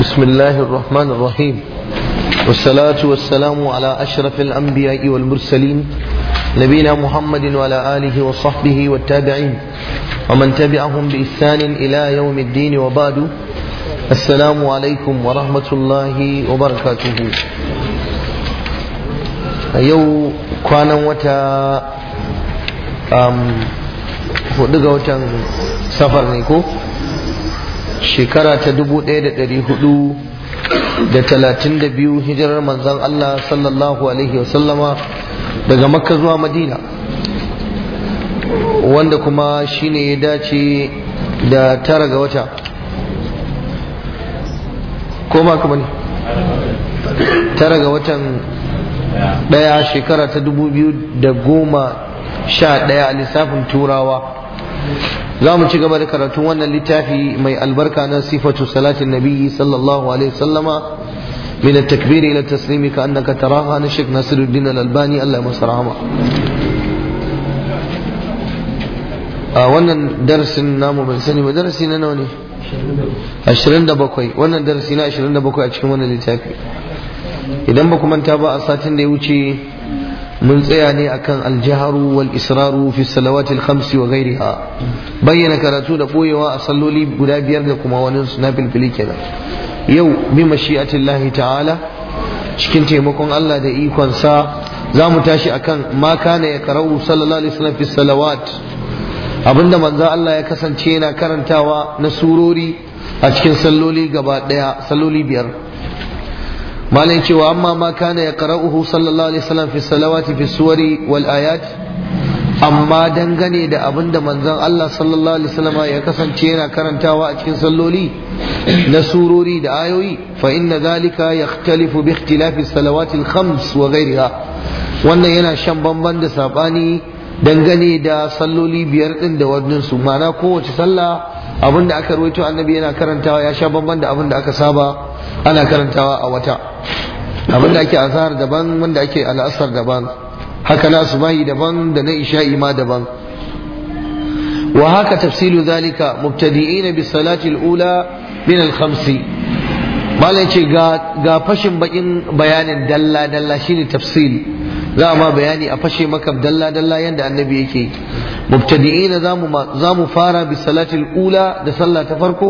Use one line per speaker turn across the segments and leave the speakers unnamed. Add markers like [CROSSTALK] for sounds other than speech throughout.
بسم الله الرحمن الرحيم والصلاة والسلام على أشرف الأنبياء والمرسلين نبينا محمد وعلى آله وصحبه والتابعين ومن تبعهم بإحسان إلى يوم الدين وبعد السلام عليكم ورحمة الله وبركاته يو كان وتا أم فدقة وتا سفر نيكو shekara ta 1432 hijirar manzon Allah sallallahu alaihi wasallama daga makka zuwa madina wanda kuma shi ne ya dace da tara ga wata koma kuma ne tara ga watan daya shekara ta 2011 a lissafin turawa za mu ci gaba da karatun wannan littafi mai albarka na sifatu salatin nabi sallallahu alaihi sallama. wasallama من التكبير إلى التسليم كأنك تراها أنا الشيخ ناصر الدين الألباني الله rahama A wannan darasin namu ban sani ba darasi na nawa ne 27 wannan darasi na 27 a cikin wannan littafi idan ba ku manta ba a satin da ya wuce mun tsaya ne akan aljaharu wal israru fi salawati wa ghayriha bayyana karatu da ɓoyewa a salloli guda biyar da kuma wani na filfili kenan yau bi mashi'atillahi ta'ala cikin taimakon Allah da ikon sa za mu tashi akan ma kana ya karau sallallahu alaihi wasallam fi salawat abinda manzo Allah ya kasance yana karantawa na surori a cikin salloli gaba daya salloli biyar malin cewa amma ma kana ya uhu sallallahu alaihi wasallam fi salawati fi suwari wal ayat amma dangane da abin da manzon Allah sallallahu alaihi wasallam ya kasance yana karantawa a cikin salloli na surori da ayoyi fa inna zalika yakhtalifu bi ikhtilafi salawati al khams wa ghayriha wannan yana shan bamban da sabani dangane da salloli biyar din da wannan su mana kowace sallah abin da aka ruwaito annabi yana karantawa ya sha bamban da aka saba ana karantawa a wata abin da ake azhar daban wanda ake al'asar daban haka na subahi daban da na isha'i ma daban wa haka tafsilu zalika mubtadi'ina bis salati al-ula min al-khamsi malai ce ga fashin bakin bayanin dalla dalla shine tafsil za ma bayani a fashe maka dalla dalla yadda annabi yake mubtadi'ina zamu zamu fara bi salatil ula da sallah ta farko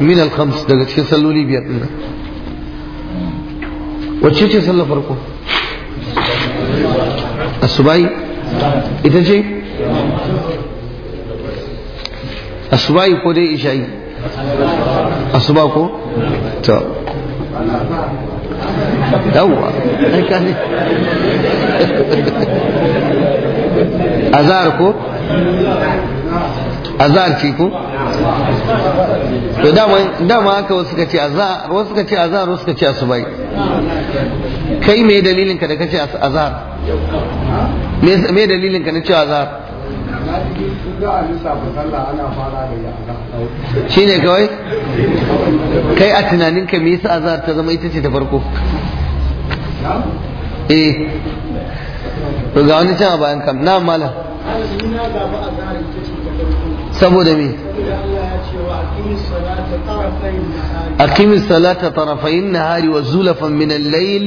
min al khams daga cikin salloli biyar din nan wacce ce sallar farko asubai ita ce asubai ko dai isha'i
asuba ko to
yawwa ai ka ne azhar ko azhar ce ko to dama dama haka wasu ka ce azhar wasu ka ce azhar wasu suka ce asubai kai me dalilin ka da kace azhar me me dalilin ka na cewa azhar
shi ne kawai kai a
tunaninka me yasa azhar ta zama ita ce ta farko eh to ga wani can a bayan kam na mala
saboda me أقم
الصلاة طرفي النهار وزلفا من الليل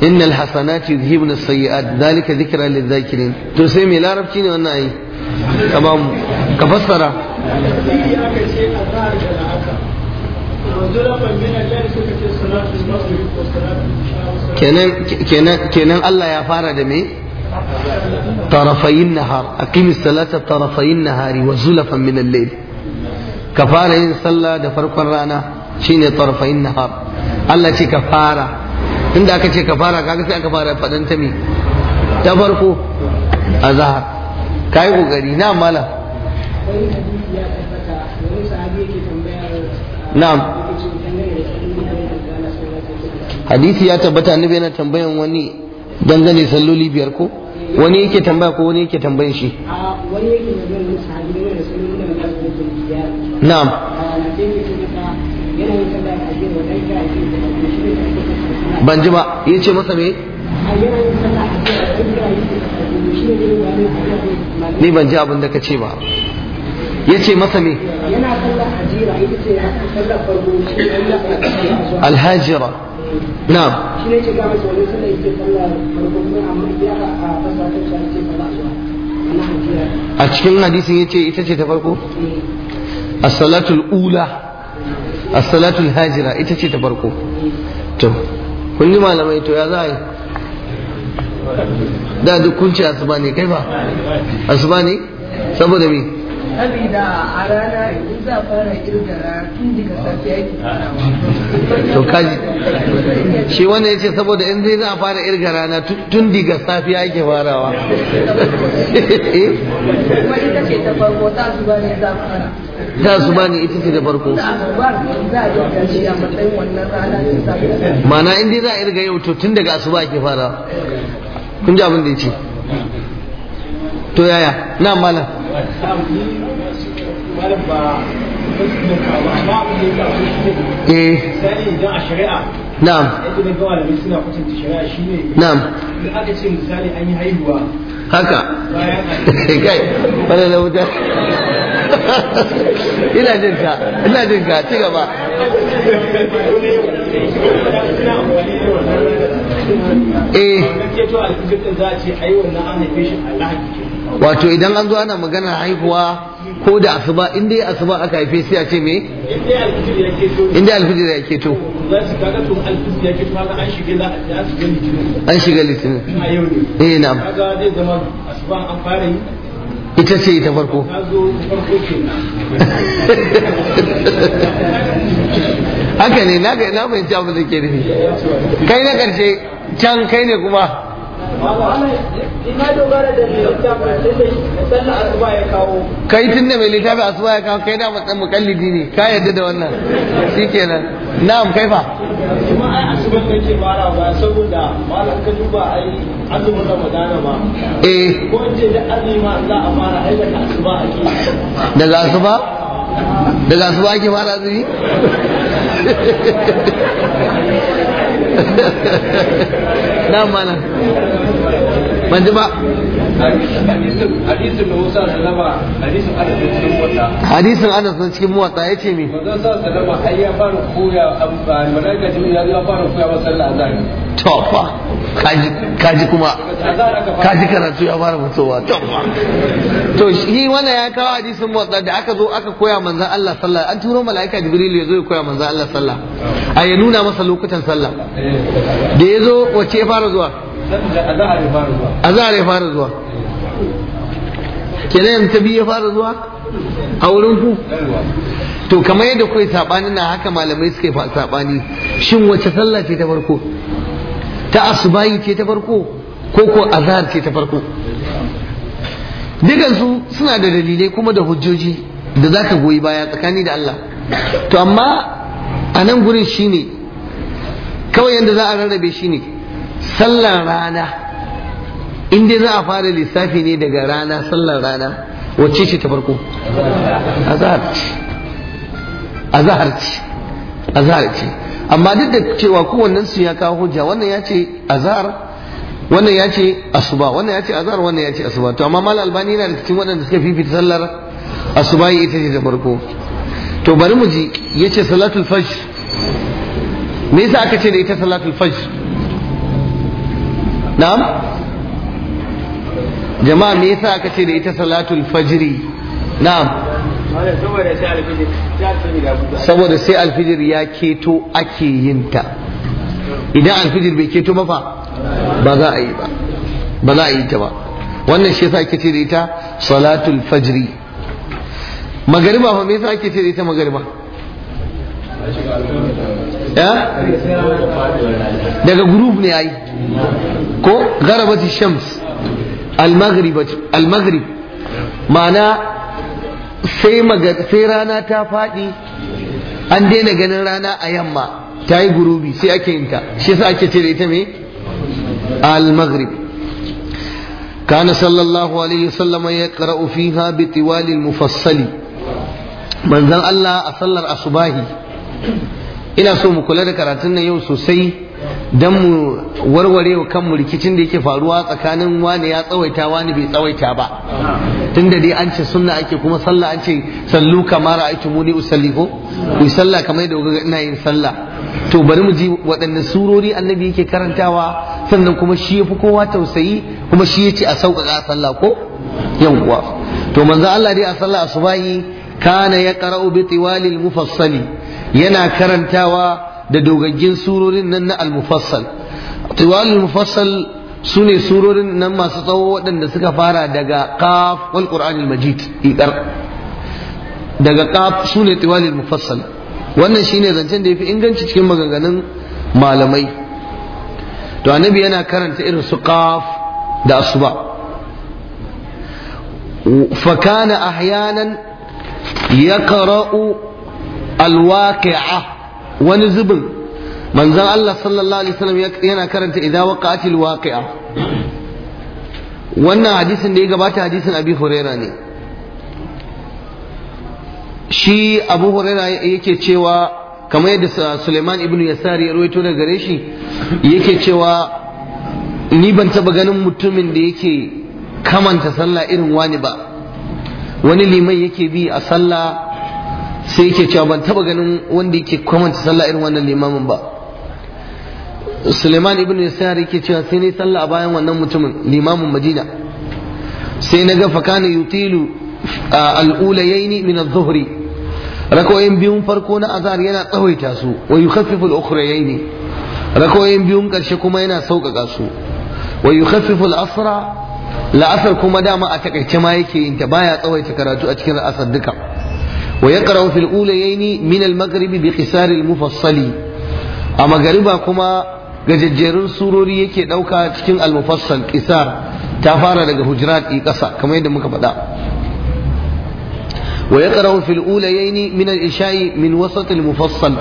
innal hasanati yuzhibun as-sayyi'at dhalika dhikra lidh-dhakirin to sai me larabci ne wannan ai ka ka fassara kenan Allah ya fara da me tarafayin nahar aqimis salata tarafayin nahari wa zulafan min al-layl ka fara yin sallah da farkon rana shine tarafayin nahar Allah ce ka fara tunda aka ce ka fara kaga sai aka fara fadan ta me ta farko azhar kai kokari na mala na'am hadisi ya tabbata bai na tambayan wani dangane salloli biyar ko
wani yake tambaya
ko wani yake tambayan shi
na'am ban ji
ba ya ce masa me ni ban ji abin da ka ce ba ya ce masa me alhajira na'am a cikin hadisin ya ce ita ce ta farko as-salatul ula as-salatul hajira ita ce ta farko to kun ji malamai to ya za a yi da duk kun ce asuba ne kai ba asuba ne saboda me
saboda a rana in za fara kirgara tun daga safiya yake farawa to kaji shi ya
ce saboda in zai za a fara irga rana tun daga safiya yake farawa kuma
ita ce ta farko ta asuba ne za a fara da su
bani ita ce da farko mana in dai za a irga yau to tun daga asuba ake fara kun ji abin da ya ce to yaya na malam
eh na'am na'am haka [LAUGHS] kai wannan wuta [LAUGHS] ina jin ka ina jin ka ci gaba eh
wato idan an zo ana magana haihuwa ko da asuba in dai asuba aka haife sai a ce me in dai alfijir ya keto
an shiga litinin eh na ita ce ta farko
haka ne na fahimci abin da ke nufi kai na ƙarshe can kai ne kuma kai tun da mai littafi a suwa ya kawo kai da matsan mukallidi ne ka yadda da wannan shi shikenan na'am kai fa
kuma ai asuba ce mara ba saboda malam ka duba ai azumin madana ba eh ko in ce da azumi za a fara ai daga asuba ake daga asuba
daga asuba ake fara azumi
[LAUGHS] na mana ban ba hadisin da musa salama hadisin anas na cikin muwatta
hadisin anas na cikin muwatta ya ce mi
manzon sa salama ai ya fara koya malaika da ya fara koya masa sallah azhar
to kaji kuma kaji karatu ya fara mutuwa to to shi wannan ya kawo hadisin muwatta da aka zo aka koya manzan Allah sallah an turo malaika jibril ya zo ya koya manzan Allah sallah a ya nuna masa lokutan sallah da ya zo wace ya fara zuwa a zahar ya fara zuwa kenan yanzu ta biyu ya fara zuwa a wurin ku to kamar yadda kuwa sabani na haka malamai suka yi sabani shin wacce sallah ce ta farko ta asubayi ce ta farko ko ko azhar ce ta farko dukansu suna da dalilai kuma da hujjoji da za ka goyi baya tsakani da Allah to amma a nan gurin shine kawai yadda za a rarrabe shi ne. sallar rana inda za a fara lissafi ne daga rana sallar rana wacce ce ta farko azhar azhar ce amma duk da cewa kowannen su ya kawo hujja wannan ya ce azhar wannan ya ce asuba wannan ya ce azhar wannan ya ce asuba to amma mal albani yana da cikin waɗanda suka fifita sallar asuba ita ce ta farko to bari mu ji yace salatul fajr me yasa aka ce da ita salatul fajr na'am jama'a me yasa aka ce da ita salatul fajri na'am saboda sai alfijir ya keto ake yin ta idan alfijir bai keto mafa ba za a yi ba ba za a yi ta ba wannan shi yasa ake ce da ita salatul fajri magariba fa me yasa ake ce da ita magariba daga group ne ai ko garabati shams al-maghrib ma'ana sai rana ta faɗi an daina ganin rana a yamma ta yi gurubi sai ake yin ta shi yasa ake ce da ita me al-maghrib kana sallallahu alaihi wasallam ya qara'u fiha bi tiwalil mufassali manzon Allah a sallar asubahi ina so mu kula da karatun nan yau sosai don mu warware wa kanmu rikicin da yake faruwa tsakanin wani ya tsawaita wani bai tsawaita ba tun da dai an ce sunna ake kuma sallah an ce sallu kamar aiki muni usalli ko ku sallah kamar da ina yin sallah to bari mu ji waɗanne surori annabi yake karantawa sannan kuma shi ya fi kowa tausayi kuma shi ya ce a sauƙaƙa sallah ko yankuwa. to manzo Allah dai a sallah asubahi kana yaqra'u bi tiwalil mufassali yana karantawa da dogaggin surorin nan na al-mufassal tiwal al-mufassal sune surorin nan masu tsawo waɗanda suka fara daga qaf wal qur'an al-majid iqar daga qaf sune tiwal al-mufassal wannan shine zancen da yafi inganci cikin maganganun malamai to annabi yana karanta irin su qaf da asuba fa kana ahyanan yaqra'u alwaqi'a wani zubin manzon Allah sallallahu alaihi wasallam yana karanta idza waqa'atil waqi'a wannan hadisin da ya gabata hadisin Abi Huraira ne shi Abu Huraira yake cewa kamar yadda Suleiman ibn Yasar ya rawaito daga gare shi yake cewa ni ban taba ganin mutumin da yake kamanta sallah irin wani ba wani liman yake bi a sallah sai yake cewa ban taba ganin wanda yake kwamanta sallah irin wannan limamin ba Suleiman ibn Yasar yake cewa sai ne sallah a bayan wannan mutumin limamin Madina sai na ga fakana yutilu al'ulayaini min adh-dhuhri rakoyin biyun farko na azhar yana tsawaita su wa yukhaffifu al-ukhrayaini rakoyin biyun karshe kuma yana sauƙaƙa su wa yukhaffifu al-asra la'asar kuma dama a takaice ma yake yin ta baya tsawaita karatu a cikin ra'asar duka ويقرا في الاوليين من المغرب بقصار المفصل اما غريبا كما gajajjerun surori yake ɗauka cikin almufassal kisar ta fara daga hujurat i ƙasa kamar yadda muka faɗa wa ya ƙarau fil ulayaini min al-isha'i min wasat al-mufassal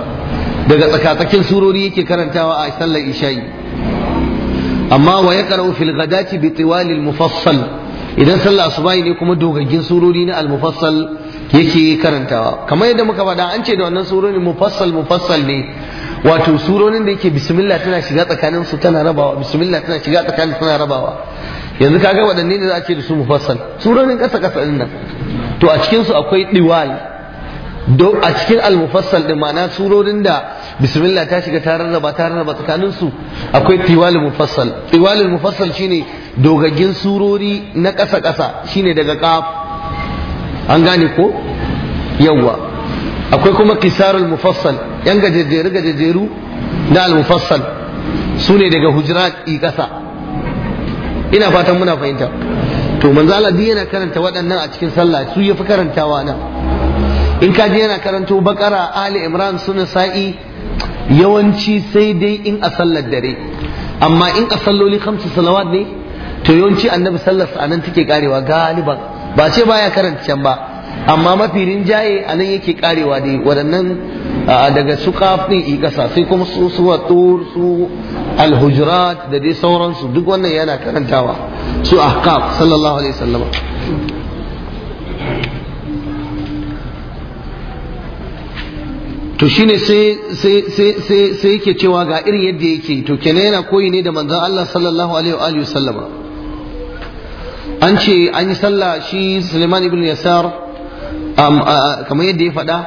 daga tsakatsakin surori yake karantawa a sallar isha'i amma wa ya ƙarau fil ghadati bi tiwal al-mufassal idan sallar asubahi ne kuma dogaggin surori na al-mufassal yake karantawa kamar yadda muka faɗa an ce da wannan suroni mufassal mufassal ne wato suronin da yake bismillah tana shiga tsakanin su tana rabawa bismillah tana shiga tsakanin tana rabawa yanzu kaga waɗanne ne za a ce da su mufassal suronin ƙasa ƙasa din nan to a cikin su akwai diwal do a cikin al-mufassal din ma'ana surorin da bismillah ta shiga ta rarraba ta rarraba tsakanin su akwai tiwal mufassal tiwal mufassal shine dogaggin surori na ƙasa ƙasa shine daga qaf an gane ko yawwa akwai kuma kisarul mufassal yan gajejeru gajejeru na al-mufassal su ne daga hujurat i kasa ina fatan muna fahimta to manzo Allah duk yana karanta waɗannan a cikin sallah su yafi karantawa nan in ka ji yana karanto bakara ali imran suna sa'i yawanci sai dai in a sallar dare amma in a salloli khamsu salawat ne to yawanci annabi sallar sa anan take karewa galiban ba ce baya karanta can ba amma mafi rinjaye a nan yake karewa dai waɗannan daga su kafin ƙasa sai kuma su su watur su alhujurat da dai sauransu duk wannan yana karantawa su ahqaf sallallahu alaihi wasallam to shine sai sai sai sai sai yake cewa ga irin yadda yake to kenan yana koyi ne da manzon Allah sallallahu alaihi wa sallama an ce an yi sallah shi Suleiman ibn Yasar kamar yadda ya faɗa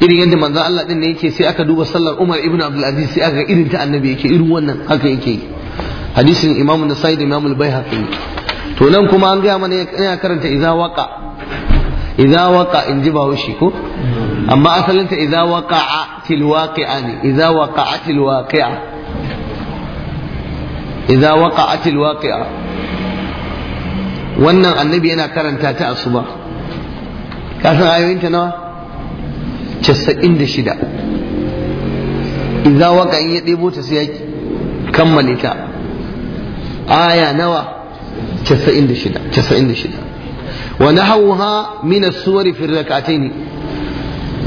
irin yadda manzan Allah ɗin ne yake sai aka duba sallar Umar ibn Abdulaziz sai aka irin ta annabi yake irin wannan haka yake hadisin Imam Nasa'i da Imam al yi. to nan kuma an gaya mana yana karanta iza waka iza waka in ji Bahaushe ko amma asalinta iza waka a waqi'a ne idza waqa'atil waqi'a idza waqa'atil waqi'a wannan annabi yana karanta ta asuba ka san ta nawa casa'in da shida idan waka in ya ɗebo ta sai ya kammale ta aya nawa casa'in da shida casa'in da shida wa nahawha min suwari fi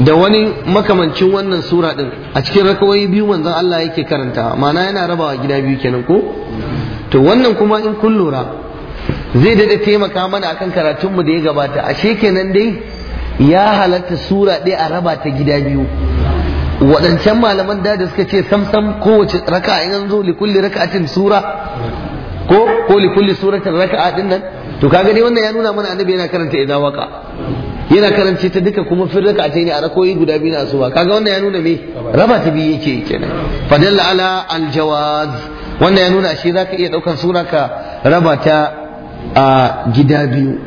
da wani makamancin wannan sura din a cikin rakawai biyu manzon Allah yake karanta ma'ana yana rabawa gida biyu kenan ko to wannan kuma in kun lura zai dada taimaka mana akan karatunmu da ya gabata sheke nan dai ya halatta sura ɗaya a raba ta gida biyu waɗancan malaman da da suka ce samsam kowace raka in an zo likulli raka'atin sura ko ko likulli suratin raka'a din nan to kaga dai wannan ya nuna mana annabi yana karanta idan waka yana karance ta duka kuma fil ne a rakoyi guda biyu na suba kaga wannan ya nuna me raba ta biyu yake kenan fadalla ala aljawaz wannan ya nuna shi zaka iya daukan sura ka raba ta a gida biyu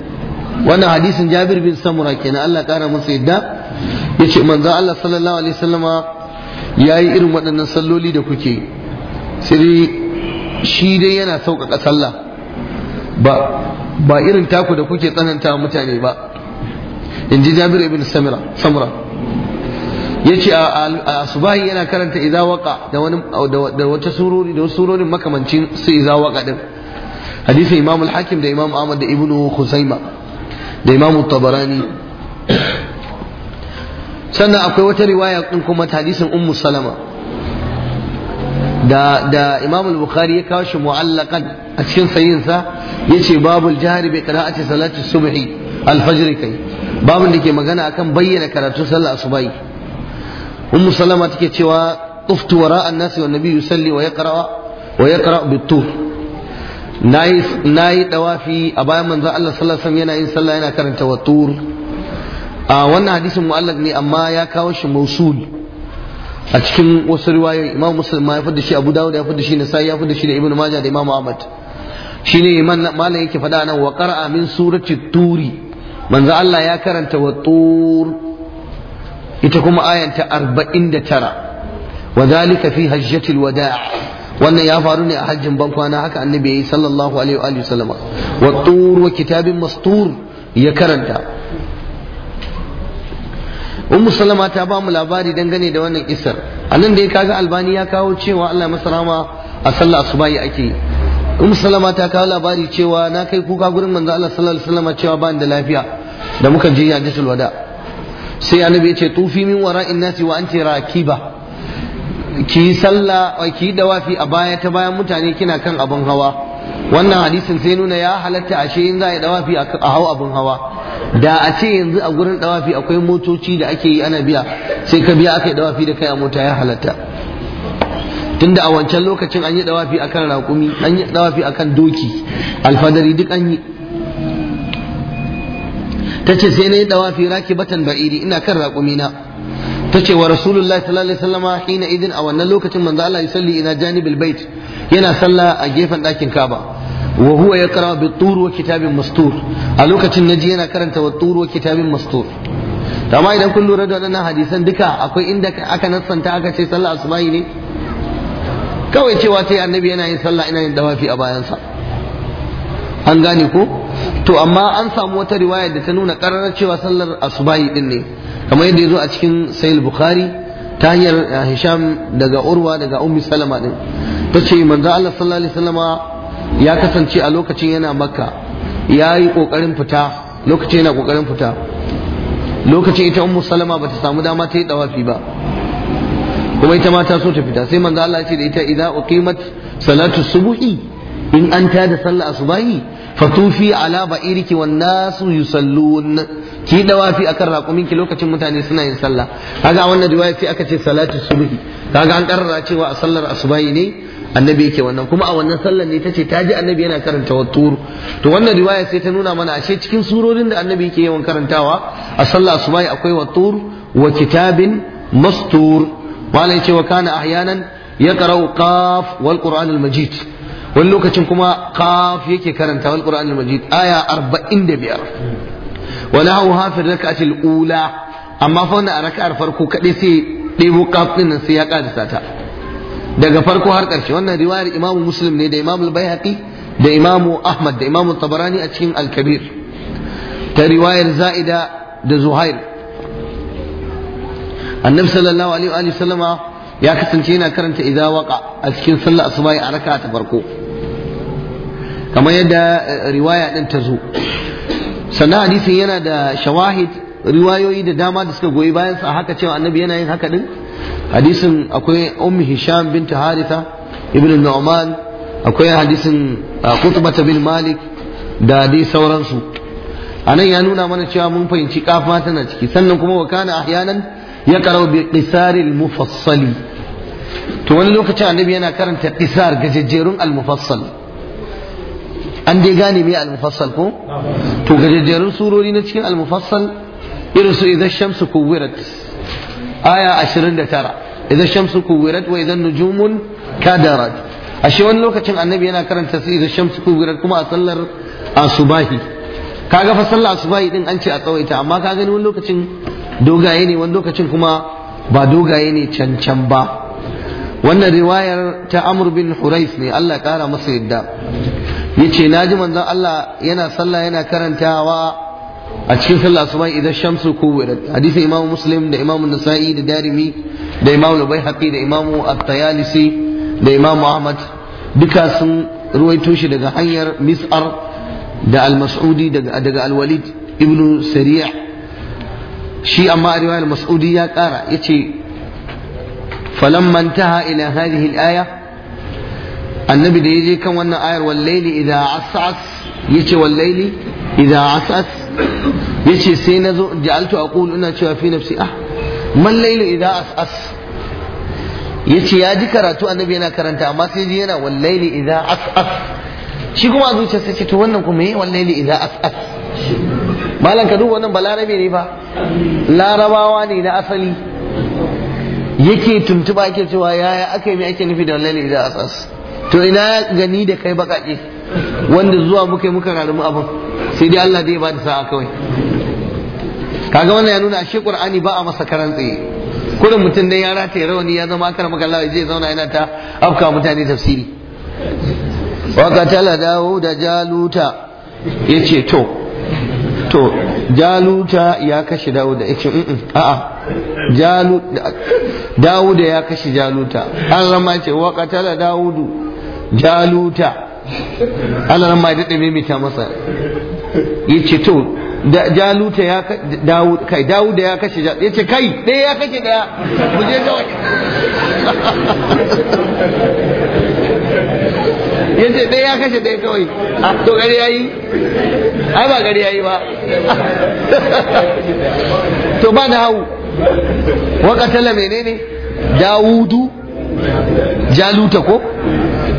wannan hadisin jabir bin samura kenan Allah kara masa yadda ya ce manzo Allah sallallahu alaihi wasallama ya yi irin waɗannan salloli da kuke sai shi dai yana sauƙaƙa sallah ba ba irin taku da kuke tsananta mutane ba in ji jabir ibn samura ya ce a subahi yana karanta iza da wata surori da wasu surorin makamancin su iza ɗin. din hadisin imam al-hakim da imam ahmad da ibnu khuzaima da imam tabarani sannan akwai wata riwaya din kuma hadisin ummu salama da da imam al-bukhari ya kawo shi mu'allaqan a cikin sayyinsa yace babul jahri bi qira'ati salati subhi al-fajr kai babun da ke magana akan bayyana karatu sallar asubai ummu salama take cewa uftu wara an-nasi wan nabi yusalli wa yaqra wa yaqra bit-tur na yi dawafi a bayan manzon Allah sallallahu yana yin sallah yana karanta watur a wannan hadisin mu'allaq ne amma ya kawo shi mausul a cikin wasu riwayoyi imam muslim ya fada shi abu dawud ya fada shi nasai ya fada shi da ibnu majah da imam ahmad shine imam malam yake fada nan wa qara'a min surati turi manzo Allah ya karanta watur ita kuma ayanta 49 wa dhalika fi hajjatil wada' wannan ya faru ne a hajjin ban kwana haka annabi yayi sallallahu alaihi wa sallama wa tur wa kitabin mastur ya karanta ummu sallama ta ba mu labari dangane da wannan isar anan da ya kaga albani ya kawo cewa Allah masa rahama a sallar asubahi ake ummu sallama ta kawo labari cewa na kai kuka gurin manzo Allah sallallahu alaihi wasallam cewa ba ni da lafiya da muka je ya jisul wada sai annabi ya ce tufi min wara'in nasi wa anti rakiba ki sallah ki dawafi a baya ta bayan mutane kina kan abin hawa wannan hadisin sai nuna ya halatta ashe in za a yi dawafi a hau abin hawa da a ce yanzu a gurin dawafi akwai motoci da ake yi ana biya sai ka biya aka yi dawafi da kai a mota ya halatta tunda a wancan lokacin an yi dawafi akan raƙumi an yi dawafi akan doki alfadari duk an yi ta ce sai na yi dawafi raki batan ba'iri ina kan raƙumina tace wa rasulullahi sallallahu alaihi wasallama hina idin a wannan lokacin manzo Allah ya salli ina janibil bait yana sallah a gefen dakin Ka'aba wa huwa yaqra bi tur wa kitabin mastur a lokacin naji yana karanta wa tur wa kitabin mastur amma idan kun lura da wannan hadisan duka akwai inda aka nassanta aka ce sallah asubahi ne kawai cewa sai annabi yana yin sallah ina yin dawafi a bayansa an gane ko to amma an samu wata riwaya da ta nuna ƙarar cewa sallar asubahi din ne kamar yadda ya zo a cikin sayil bukhari ta hanyar eh, hisham daga urwa daga ummi salama din ta ce manzo Allah sallallahu alaihi wasallama ya kasance a lokacin yana makka ya yi kokarin fita lokacin yana kokarin fita lokacin ita ummu salama bata samu dama ta yi dawafi ba kuma ita ma ta so ta fita sai manzo Allah ya ce da ita idza uqimat salatu subuhi in an ta da sallah asubahi fatufi ala ba'iriki wan nasu yusallun ki dawafi akan raƙumin ki lokacin mutane suna yin sallah kaga wannan riwaya sai aka ce salatu subhi kaga an karrara cewa a sallar asubahi ne annabi yake wannan kuma a wannan sallar ne tace ta ji annabi yana karanta wattur to wannan riwaya sai ta nuna mana ashe cikin surorin da annabi yake yawan karantawa a sallar asubahi akwai wattur wa kitabin mastur malai ce wa kana ahyanan yaqra'u qaf wal qur'an al majid wani lokacin kuma kafi yake karanta wal qur'anul majid aya 45 wala hawha fi rak'atil ula amma fa wannan a rak'ar farko kadai sai ɗebo qaf din nan sai ya karisa ta daga farko har ƙarshe wannan riwayar imamu muslim ne da imamu al-baihaqi da imamu ahmad da imamu tabarani a cikin al-kabir ta riwayar za'ida da zuhair annabi sallallahu alaihi wa sallama ya kasance yana karanta idza waqa a cikin sallar asuba a raka ta farko kamar yadda eh, riwaya ɗin ta zo sannan hadisin yana da shawahid riwayoyi da dama da suka goyi bayan sa haka cewa annabi yana yin haka din hadisin akwai ummi hisham bint haritha ibn nu'man akwai hadisin eh, qutbah bin malik da dai sauransu anan ya nuna mana cewa mun fahimci kafa tana ciki sannan kuma wa kana ahyanan ya karau bi al mufassali to wani lokacin annabi yana karanta qisar gajejjerun al mufassal an dai gane mai al-mufassal ko to gajejjerun surori na cikin al-mufassal irin su idan shamsu kuwirat aya 29 idan shamsu kuwirat wa idan nujumun kadarat ashe wani lokacin annabi yana karanta su idan shamsu kuwirat kuma a sallar asubahi kaga fa sallar asubahi din an ce a tsawaita amma ka gani wani lokacin dogaye ne wani lokacin kuma ba dogaye ne cancan ba wannan riwayar ta Amurbin bin hurais ne Allah kara masa yadda yace ji manzon Allah yana sallah yana karantawa a cikin sallah bai idan shamsu kuwirat hadisi imamu muslim da imamu nasa'i da darimi da imamu bai da imamu at-tayalisi da imamu ahmad duka sun ruwaito shi daga hanyar mis'ar da al-mas'udi daga alwalid al-walid ibn sariya shi amma a riwayar mas'udi ya kara yace falamma taha ila hadhihi al-aya annabi da ya je kan wannan ayar wallaili idan as'as yace wallaili idan as'as yace sai nazo ja'altu aqulu ina cewa fi nafsi ah man idan idza as'as yace ya ji karatu annabi yana karanta amma sai ji yana wallaili idan as'as shi kuma a zuciyarsa ce to wannan kuma yi wallaili idan as'as malam ka duba wannan ba Larabe ne ba larabawa ne na asali yake tuntuba ake cewa yaya aka yi me ake nufi da wallaili idan as'as to ina gani da kai bakake wanda zuwa muka muka rarumi abin sai dai Allah zai ba da sa'a kawai kaga wannan ya nuna shi qur'ani ba a masa karan tsaye kurin mutum dai ya rataye rawani ya zama akar maka Allah zai zauna yana ta afka mutane tafsiri wa qatala da jaluta yace to to jaluta ya kashe dawuda yace a jalu dawuda ya kashe jaluta an rama ce wa qatala dawudu jaluta ana nan ma ya daɗe maimaita masa ya ce to jaluta ya dawo kai dawo da ya kashe ya ce kai ɗaya ya kashe ɗaya mu je kawai [LAUGHS] ya ce ɗaya ya kashe ɗaya kawai ah, to gari ya yi ai ba gari ya yi ba [LAUGHS] to ba da hau wa katala menene dawudu jaluta ko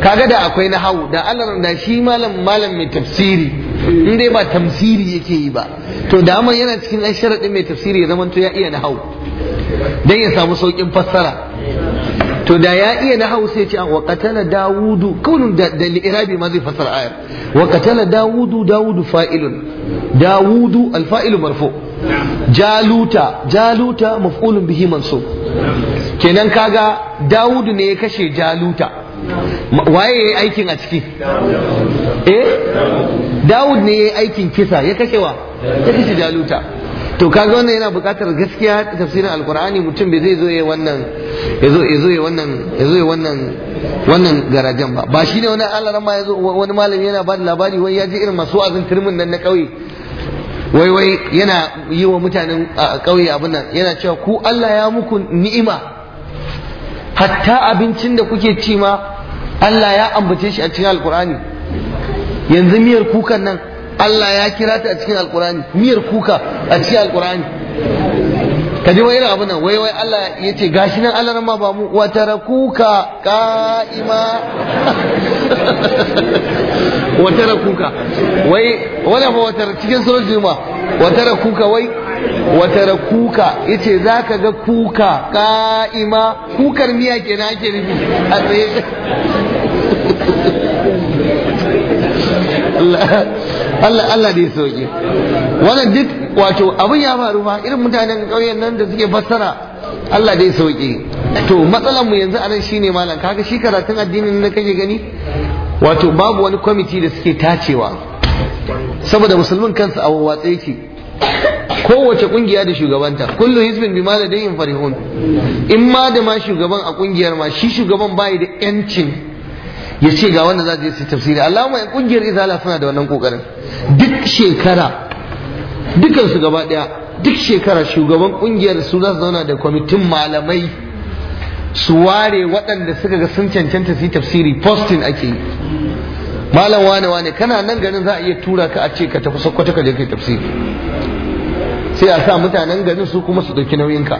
kaga da akwai na hau da Allah da shi malam malam mai tafsiri in dai ba tamsiri yake yi ba to da amma yana cikin ɗan sharaɗin mai tafsiri ya zamanto ya iya na hau dan ya samu saukin fassara to da ya iya na hau sai ce ah, wa qatala dawudu kaulun da irabi ma zai fassara ayar wa qatala dawudu dawudu fa'ilun dawudu al-fa'ilu marfu' jaluta jaluta maf'ulun bihi mansub kenan kaga dawudu ne ya kashe jaluta waye ya yi aikin a ciki eh dawud ne ya yi aikin kisa ya kashewa ya kashe jaluta to kaga wannan yana buƙatar gaskiya tafsirin alkur'ani mutum bai zai zo ya wannan ya zo ya zo ya wannan ya zo ya wannan wannan ba ba shine wani alaran ma zo wani malami yana ba da labari wani ya ji irin masu azin turmin nan na kauye wai wai yana yi wa mutanen ƙauye abin nan yana cewa ku Allah ya muku ni'ima hatta abincin da kuke ci ma Allah ya ambace shi a cikin alkur'ani yanzu miyar kukan nan Allah ya kira ta a cikin alkur'ani miyar kuka a cikin alkur'ani ka ji wai abin nan wai wai Allah ya ce gashi nan Allah ma ba mu wata kuka ka'ima. [LAUGHS] watara kuka wai wani ba watara cikin sojoji ma watara kuka wai watara kuka yace ka ga kuka ka'ima kukar miya ke na ake nufi a tsaye Allah Allah da ya soke wannan duk wato abin ya faru ma irin mutanen ƙauyen nan da suke fassara Allah da ya soke to matsalar mu yanzu shi shine malam kaga shi karatun addinin na kake gani wato babu wani kwamiti da suke tacewa saboda musulmin kansu a watsa yake kowace kungiya da shugabanta kullu hizbin bima ladayhim farihun in ma da ma shugaban a kungiyar ma shi shugaban bai da yancin ya ce ga wanda za je su tafsiri Allahumma in kungiyar izala suna da wannan kokarin duk shekara dukansu gaba daya duk shekara shugaban kungiyar su za su zauna da kwamitin malamai su ware waɗanda suka ga sun cancanta su yi tafsiri postin ake yi malam wane wane kana nan garin za a iya tura ka a ce ka tafi sokoto ka je kai tafsiri sai a sa mutanen garin su kuma su ɗauki nauyinka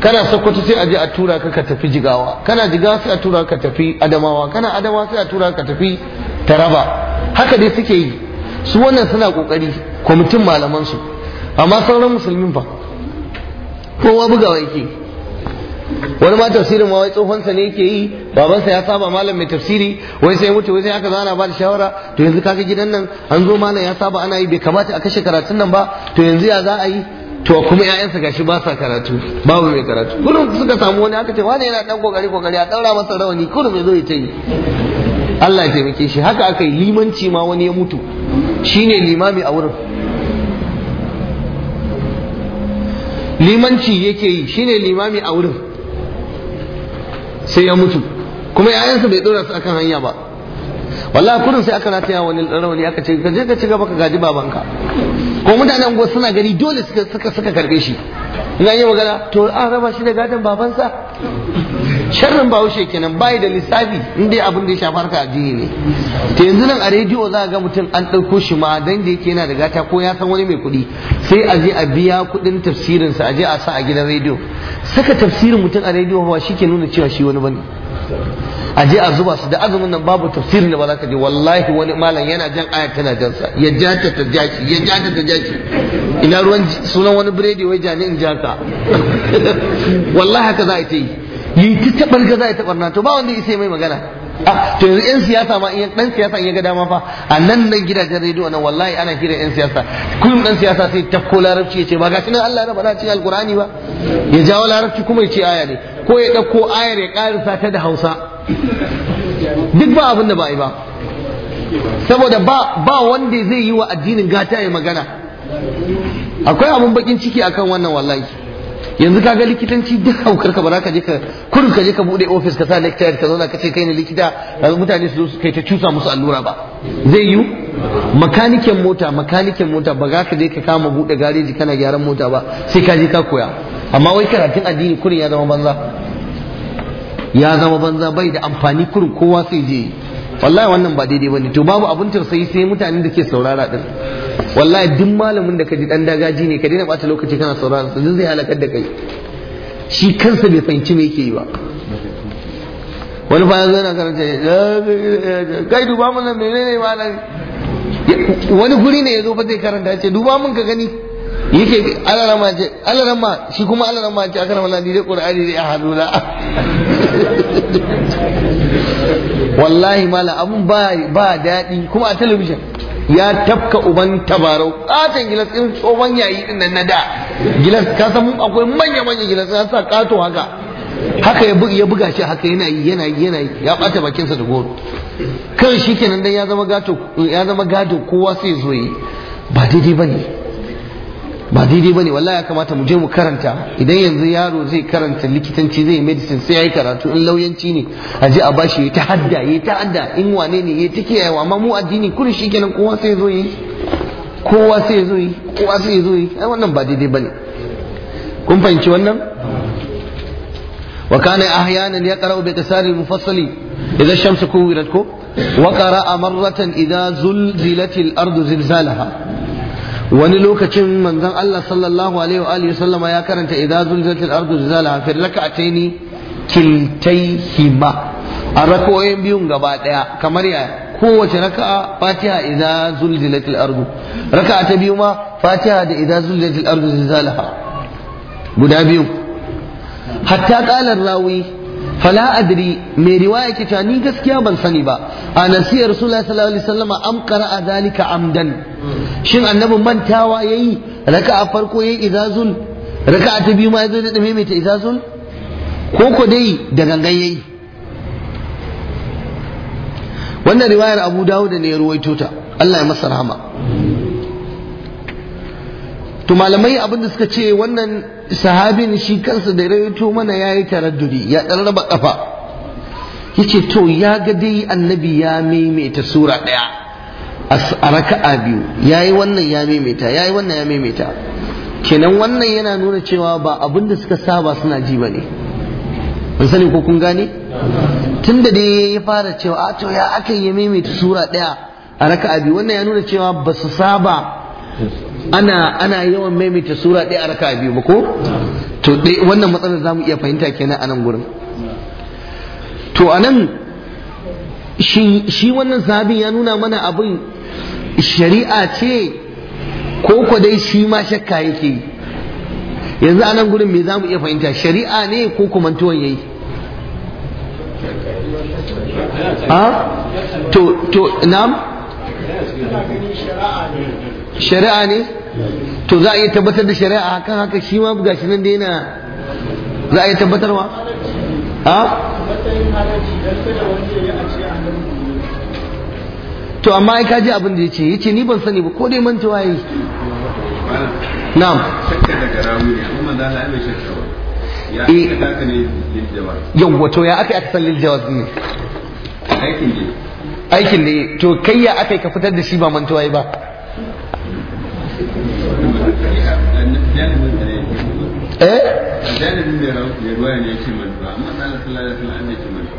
kana sokoto sai a je a tura ka ka tafi jigawa kana jigawa sai a tura ka tafi adamawa kana adamawa sai a tura ka tafi taraba haka dai suke yi su wannan suna kokari kwamitin malaman su amma sauran musulmin fa kowa bugawa yake wani ma tafsirin ma wai sa ne yake yi babansa ya saba malam mai tafsiri wai sai mutu wai sai aka zana ba da shawara to yanzu kaga gidan nan an zo malam ya saba ana yi bai kamata a kashe karatun nan ba to yanzu ya za a yi to kuma ƴaƴansa gashi ba sa karatu babu mai karatu kullum suka samu wani aka ce wani yana dan kokari kokari a daura masa rawani kullum ya zo ya tayi Allah ya taimake shi haka aka yi limanci ma wani ya mutu shine limami a wurin limanci yake yi shine limami a wurin sai ya mutu kuma yayansa bai dora su akan hanya ba wallahi kurin sai aka rataya wani rawani aka ce ka je ka ci gaba ka gaji babanka ko mutanen unguwa suna gani dole suka suka karbe shi ina yi magana to an raba shi da gadon babansa sharrin bahaushe kenan bai da lissafi inda abin da ya shafa harka addini ne to yanzu nan a rediyo za a ga mutum an ɗauko shi ma dan da yake yana da gata ko ya san wani mai kuɗi sai a je a biya kuɗin tafsirin sa a je a sa a gidan rediyo saka tafsirin mutum a rediyo ba shi ke nuna cewa shi wani bane a je a zuba su da azumin nan babu tafsirin da ba za ka je wallahi wani malam yana jan ayar tana jan sa ya ja ta ta ja shi ya ja ta ta ja shi ina ruwan sunan wani biredi wai jani in ja ka [LAUGHS] wallahi haka za a yi yi ta taɓargaza ya taɓarna to ba wanda isa mai magana to yanzu yan siyasa ma in dan siyasa in ya ga dama fa a nan nan gidajen rediyo nan wallahi ana kira yan siyasa kullum dan siyasa sai tafko larabci yace ce ba gashi nan Allah ya faɗa cikin alqur'ani ba ya jawo larabci kuma ya ce aya ne ko ya dauko ayar ya ƙarisa ta da Hausa duk ba abin da ba yi ba saboda ba ba wanda zai yi wa addinin gata ya magana akwai abun bakin ciki akan wannan wallahi yanzu kaga likitanci duk haukar ka ba ka je ka kurin ka je ka bude ofis ka sa lecturer ka zauna ka ce kai ne likita mutane su zo su kai ta cusa musu allura ba zai yiwu makaniken mota makaniken mota ba za ka je ka kama bude gareji kana gyaran mota ba sai ka je ka koya amma wai karatun addini kurin ya zama banza ya zama banza bai da amfani kurin kowa sai je wallahi wannan ba daidai bane to babu abun tausayi sai mutanen da ke saurara din wallahi duk malamin da ka ji dan dagaji ne ka daina bata lokaci kana saurara sa zai halakar da kai shi kansa bai fahimci me yake yi ba wani fa zai na karanta kai duba mun nan menene ma wani guri ne ya zo ba zai karanta ce duba mun ka gani yake alarama ce alarama shi kuma alarama ce aka wala ni dai da ya a haduna wallahi mala abun ba a daɗi kuma a talabijin ya tafka uban tabarau katon gilas in tsohon yayi din nan na da gilas ka san akwai manya manya gilas ya sa kato haka haka ya buga shi haka yana yi yana yi yana yi ya bata bakinsa da goro kan shi kenan dan ya zama gado ya zama gado kowa sai zo yi ba daidai bane ba daidai bane wallahi ya kamata mu je mu karanta idan yanzu yaro zai karanta likitanci zai medicine sai yi karatu in lauyanci ne a je a bashi ya ta hadda ya ta hadda in wane ne ya ta kiyayewa amma mu addini kullu shikenan kowa sai zo yi kowa sai zo yi kowa sai zo yi ai wannan ba daidai ne. kun fahimci wannan wa kana ahyanan yaqra'u bi kasari mufassali idza shamsu kuwirat ko wa qara'a marratan idza zulzilatil ardu zilzalaha wani lokacin manzon Allah sallallahu alaihi wa alihi sallama ya karanta idza zulzilatil ardu zilzalaha fi rak'ataini kiltayhima a rakoyin biyun gaba daya kamar ya kowace raka'a fatiha idza zulzilatil ardu raka'a ta biyu ma fatiha da idza zulzilatil ardu zilzalaha guda biyu hatta qala rawi fala adri mai riwaya ke cewa ni gaskiya ban sani ba a nasiyar rasulullah sallallahu alaihi wasallam am qara'a amdan shin annabi mantawa yayi raka'a farko yayi izazun raka'a ta biyu ma yazo da dame mai ta izazun ko ko dai da gangan yayi wannan riwayar Abu Dawud ne ya ruwaito ta Allah ya masa rahama to malamai abin da suka ce wannan sahabin shi kansa da rawaito mana ya yi taraddudi ya ɗan raba Ya ce to ya ga dai annabi ya maimaita sura ɗaya, a raka'a biyu yi wannan ya maimaita ya yi wannan ya maimaita kenan wannan yana nuna cewa ba abin da suka saba suna ji ne. ban sani ko kun gane tunda dai ya fara cewa a to ya aka yi maimaita sura ɗaya, a raka'a biyu wannan ya nuna cewa ba su saba ana ana yawan maimaita sura ɗaya a raka biyu ba ko to wannan matsalar za mu iya fahimta kenan a nan gurin to a nan shi wannan sahabin ya nuna mana abin shari'a ce ko ko dai shi ma shakka yake yi yanzu a nan gurin me za mu iya fahimta shari'a ne ko kumantuwan yayi
ha to to na'am
shari'a ne to za a iya tabbatar da shari'a haka haka shi ma ga shi nan da yana za a iya tabbatarwa a to amma ai kaji abin da ya ya yace ni ban sani ba ko dai mantawa yi
na'am eh. yawwa to ya aka aka san
lil jawaz ne
aikin ne
aikin da to kai ya aka ka fitar da shi ba mantuwa ba
eh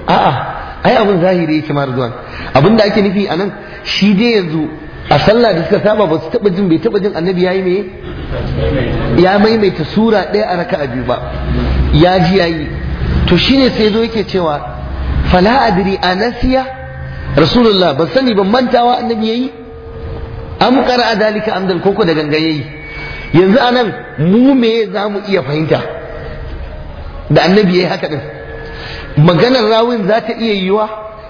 a'a
ai abun zahiri yake ma abin da ake nufi anan shi dai yanzu a sallah da suka saba ba su taba jin bai taba jin annabi yayi
me
ya maimaita sura ɗaya a raka'a biyu ba ya ji yayi to shine sai zo yake cewa fala adri anasiya rasulullah ban sani ban mantawa annabi yayi am qara'a dalika amdan koko da gangan yayi yanzu anan mu me za mu iya fahimta da annabi yayi haka din maganar rawin za ta iya yiwa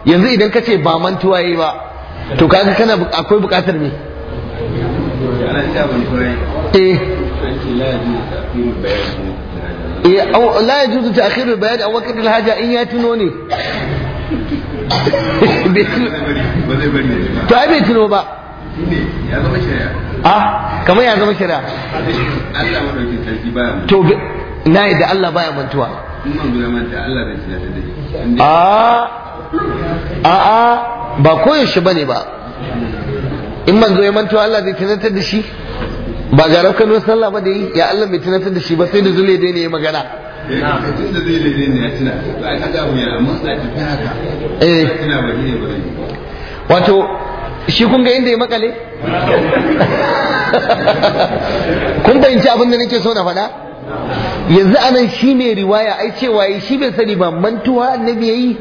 yanzu idan ka ce ba mantuwa yayi ba to kaga kana akwai bukatar me
eh, eh
la yajuzu ta'khir al-bayan aw waqt al-haja in ya ne
[LAUGHS] to
ai bai tuno ba ah kamar ya zama shari'a
Allah sarki baya to
na yadda Allah baya mantuwa
a a ah,
ah, ah, ba koyaushe bane ba in manzo ya mantuwa Allah zai tunatar da shi ba ga rafkanuwar sallah ba da yi ya Allah bai tunatar da shi ba sai da zule dai ne ya magana wato shi kun ga inda ya makale [LAUGHS] kun fahimci abin da nake so na faɗa yanzu anan shi ne riwaya ai cewa ya shi bai sani ba mantuwa annabi yayi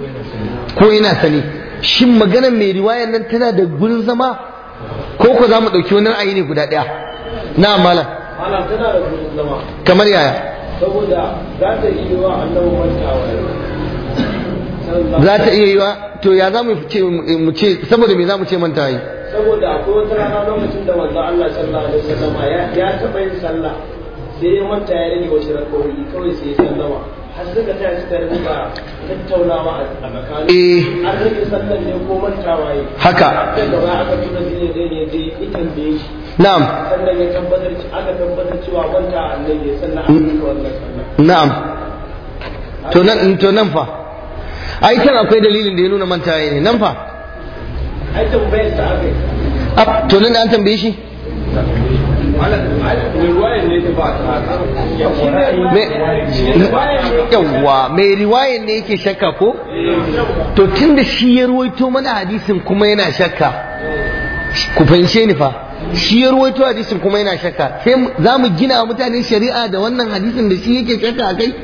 ko yana sani shin maganar mai riwaya nan tana da gurin zama ko ku za mu ɗauki wani ra'ayi ne guda ɗaya na malam
kamar yaya saboda za ta iya yi wa annabi mantawa za ta iya yi wa
to ya za mu ce saboda me za mu ce manta yi
saboda ko wata rana lokacin da wanzu Allah sallallahu alaihi wasallam ya taɓa yin sallah sai ya manta ya rage wasu rakawoyi kawai sai ya sallama har suka ta yi suka ta taunawa a tsakanin eh an rage sallan ne ko mantawa yi haka daga baya aka tuna shi ne zai ne zai ita da shi na'am mm. na'am to nan to nan fa ai kan akwai
dalilin da ya nuna manta ne nan fa
ai tambayar sa
akai to nan an tambaye shi yawwa mai riwayan ne yake shakka ko to tun da shi ya ruwaito mana hadisin kuma yana shakka ku fahimce ni fa shi ya ruwaito hadisin kuma yana shakka sai za mu gina mutane shari'a da wannan hadisin da shi yake shakka a kai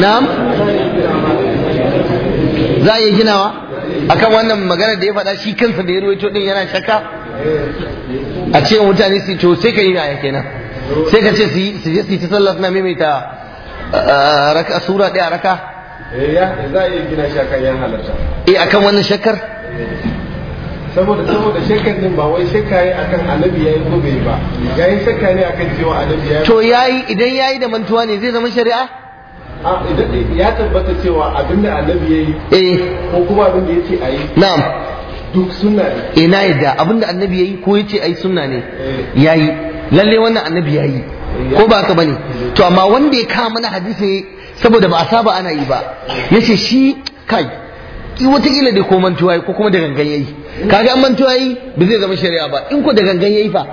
na'am za a iya ginawa akan wannan magana da ya faɗa shi kansa da ya ruwaito din yana shakka a ce mutane su to sai ka yi yaya kenan sai ka ce su je su yi ta sallah suna maimaita Eh, raka sura ɗaya
raka eh za a iya gina shi akan yan halarta eh akan wani shakar? saboda saboda shakkar din ba wai shakka yayi akan annabi yayi ko bai ba yi shakka ne akan cewa annabi yayi to
yayi idan yayi da mantuwa ne zai zama shari'a
ya tabbata cewa abinda annabi yayi eh ko kuma abinda yace ayi na'am
duk sunna ne eh na yadda abinda annabi yi ko ya yace ayi sunna ne eh. ya yi lallai wannan annabi yi. ko ba haka bane to amma wanda ya kawo mana hadisi saboda ba a saba ana yi ba yace shi kai kila da ko mantuwa ko kuma da gangan yayi kaga an mantuwa yi ba zai zama shari'a ba in ko da gangan yayi fa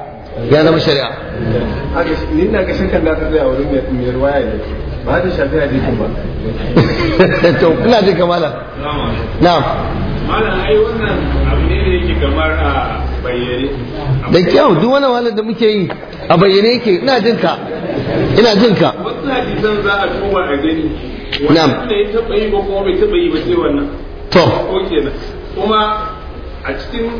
ya zama shari'a
ni na ga shakkan da ta a wurin mai ruwaya ne ba ta shafi hadisin ba [LAUGHS] to kuna jin kamala na'am malam ai wannan abu ne da yake kamar a ah, da kyau duk
wani wahalar da muke yi a bayyane yake ina jin ka ina jin ka
wasu hadisan za a tuba a gani wannan ne ya taba yi ba kuma bai taba yi ba sai wannan to ko kenan kuma a cikin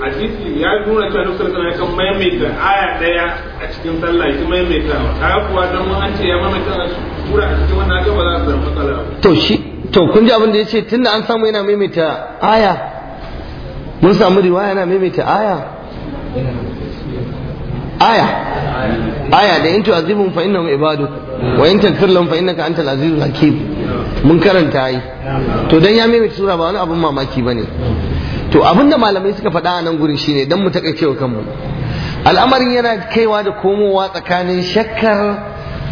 hadisi ya nuna cewa duk sarkar ya kan maimaita aya daya a cikin sallah ki maimaita ka kuwa dan mun an ce ya maimaita sura a cikin wannan ga ba za su matsala to
shi to kun ji abin da yace tunda an samu yana maimaita aya mun samu riwaya na maimaita aya aya aya da in tu'azibhum fa innahum ibaduk wa in taghfir lahum fa innaka antal azizul hakim mun karanta yi to dan ya maimaita sura ba wani abun mamaki bane to abinda malamai suka faɗa a nan gurin shine dan mu wa kanmu al'amarin yana kaiwa da komowa tsakanin shakkar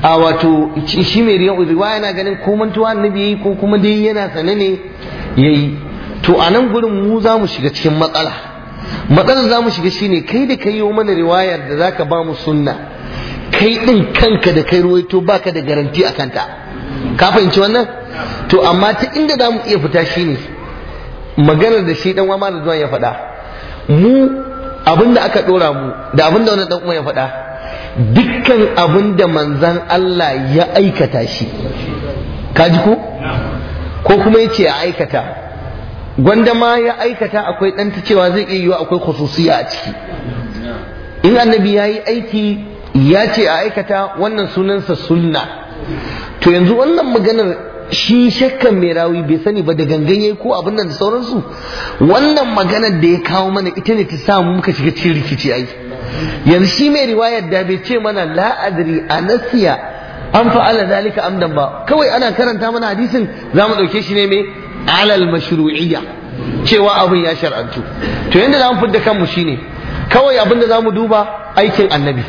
a wato shi mai riwaya yana ganin ko mantuwa annabi ko kuma dai yana sane ne yayi to a nan gurin mu za mu shiga cikin matsala matsalar za mu shiga shi ne kai da kai yi mana riwayar da za ka ba mu sunna kai ɗin kanka da kai ruwaito baka da garanti a kanta ka fahimci wannan to amma ta inda za mu iya fita shi ne, maganar da shi dan wama da zuwa ya faɗa mu abin da aka ɗora mu da abin da wani ɗan ya faɗa dukkan abin da manzan Allah ya aikata shi ka ji ko ko kuma ya ce a aikata gwanda ma ya aikata akwai ɗanta cewa zai iya yiwa akwai khususiya a ciki in annabi ya yi aiki ya ce a aikata wannan sunansa sunna to yanzu wannan maganar shi shakkan mai rawi bai sani ba da gangan ko abin nan da sauransu wannan maganar da ya kawo mana ita ne ta samu muka shiga cikin rikici ai yanzu shi mai riwayar da bai ce mana la'adari a anasiya an fa'ala zalika amdan ba kawai ana karanta mana hadisin zamu mu ɗauke shi ne mai alal mashru'iyya cewa abin ya shar'antu to yanda zamu fidda kanmu shine kawai abin da zamu duba aikin annabi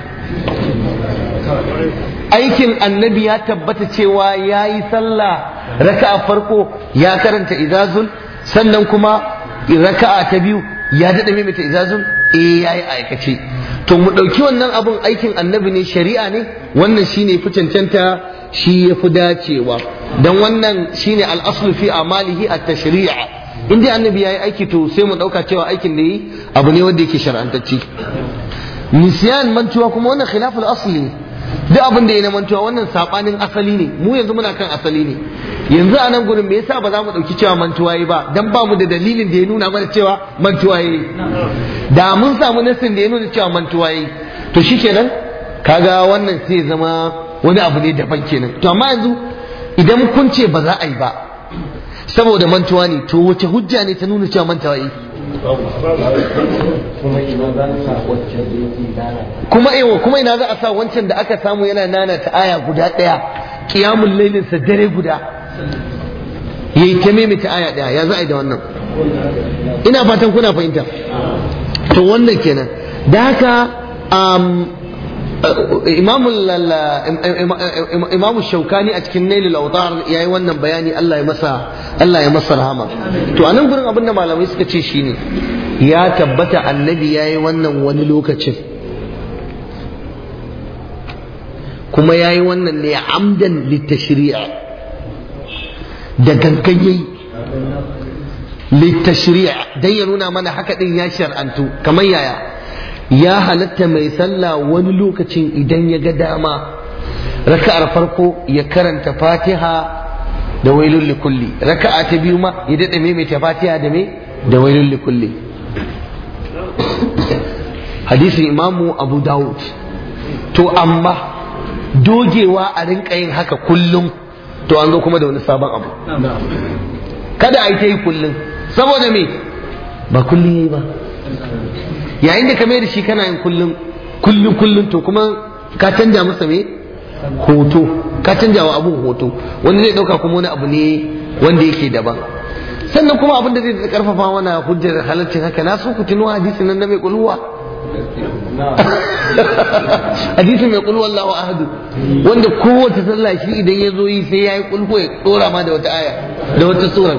aikin annabi ya tabbata cewa ya yi sallah raka'a farko ya karanta izazun sannan kuma raka'a ta biyu ya daɗa maimaita izazun eh ya yi aikace to mu ɗauki wannan abun aikin annabi ne shari'a ne wannan shine fi cancanta shi ya fi dacewa don wannan shine al'aslu fi amalihi a tashari'a in annabi annabi yi aiki to sai mu ɗauka cewa aikin da yi abu ne wanda yake shar'antacce nisyan mantuwa kuma wannan khilaful asali ne duk abin da ya namantuwa wannan sabanin asali ne mu yanzu muna kan asali ne yanzu a nan gurin me yasa ba za mu dauki cewa mantuwaye yi ba dan ba mu da dalilin da ya nuna mana cewa mantuwa da mun samu nasin da ya nuna cewa mantuwa yi to shikenan kaga wannan sai zama wani abu ne daban kenan to amma yanzu idan kun ce ba za a yi ba saboda mantuwa ne to wace hujja ne ta nuna cewa mantuwa kuma ewa kuma ina za a sa wancan da aka samu yana nana ta aya guda ɗaya kiyamun lailinsa dare guda yayi ta maimaita aya ɗaya ya za a yi da wannan ina fatan kuna fahimta to wannan kenan
da haka
um, imamu shaukani a cikin nailul autar ya yi wannan bayani Allah ya masa Allah ya masa rahama to a nan gurin abin da malamai suka ce shine ya tabbata annabi ya yi wannan wani lokacin kuma ya yi wannan ne amdan littashri'a da gangan yayi dai ya nuna mana haka din ya shar'antu kamar yaya ya halatta mai sallah wani lokacin idan ya ga dama raka'ar farko ya karanta fatiha da wailul likulli raka'a ta biyu ma ya daɗa maimaita fatiha da me da wailul likulli hadisin imamu abu dawud to amma dogewa a rinka yin haka kullum to an zo kuma da wani sabon abu kada a yi ta yi kullum saboda me ba kullum yi ba yayin da ka mai da shi kana yin kullum kullum kullum to kuma ka canja masa me hoto ka canja wa abun hoto wani zai dauka kuma wani abu ne wanda yake daban sannan kuma abin da zai karfafa mana hujjar halarcin haka na so ku tuno hadisin nan na mai kulwa hadisin mai kulu wallahu ahadu wanda kowace sallah shi idan ya zo yi sai ya yi kulko ya tsora ma da wata aya da wata sura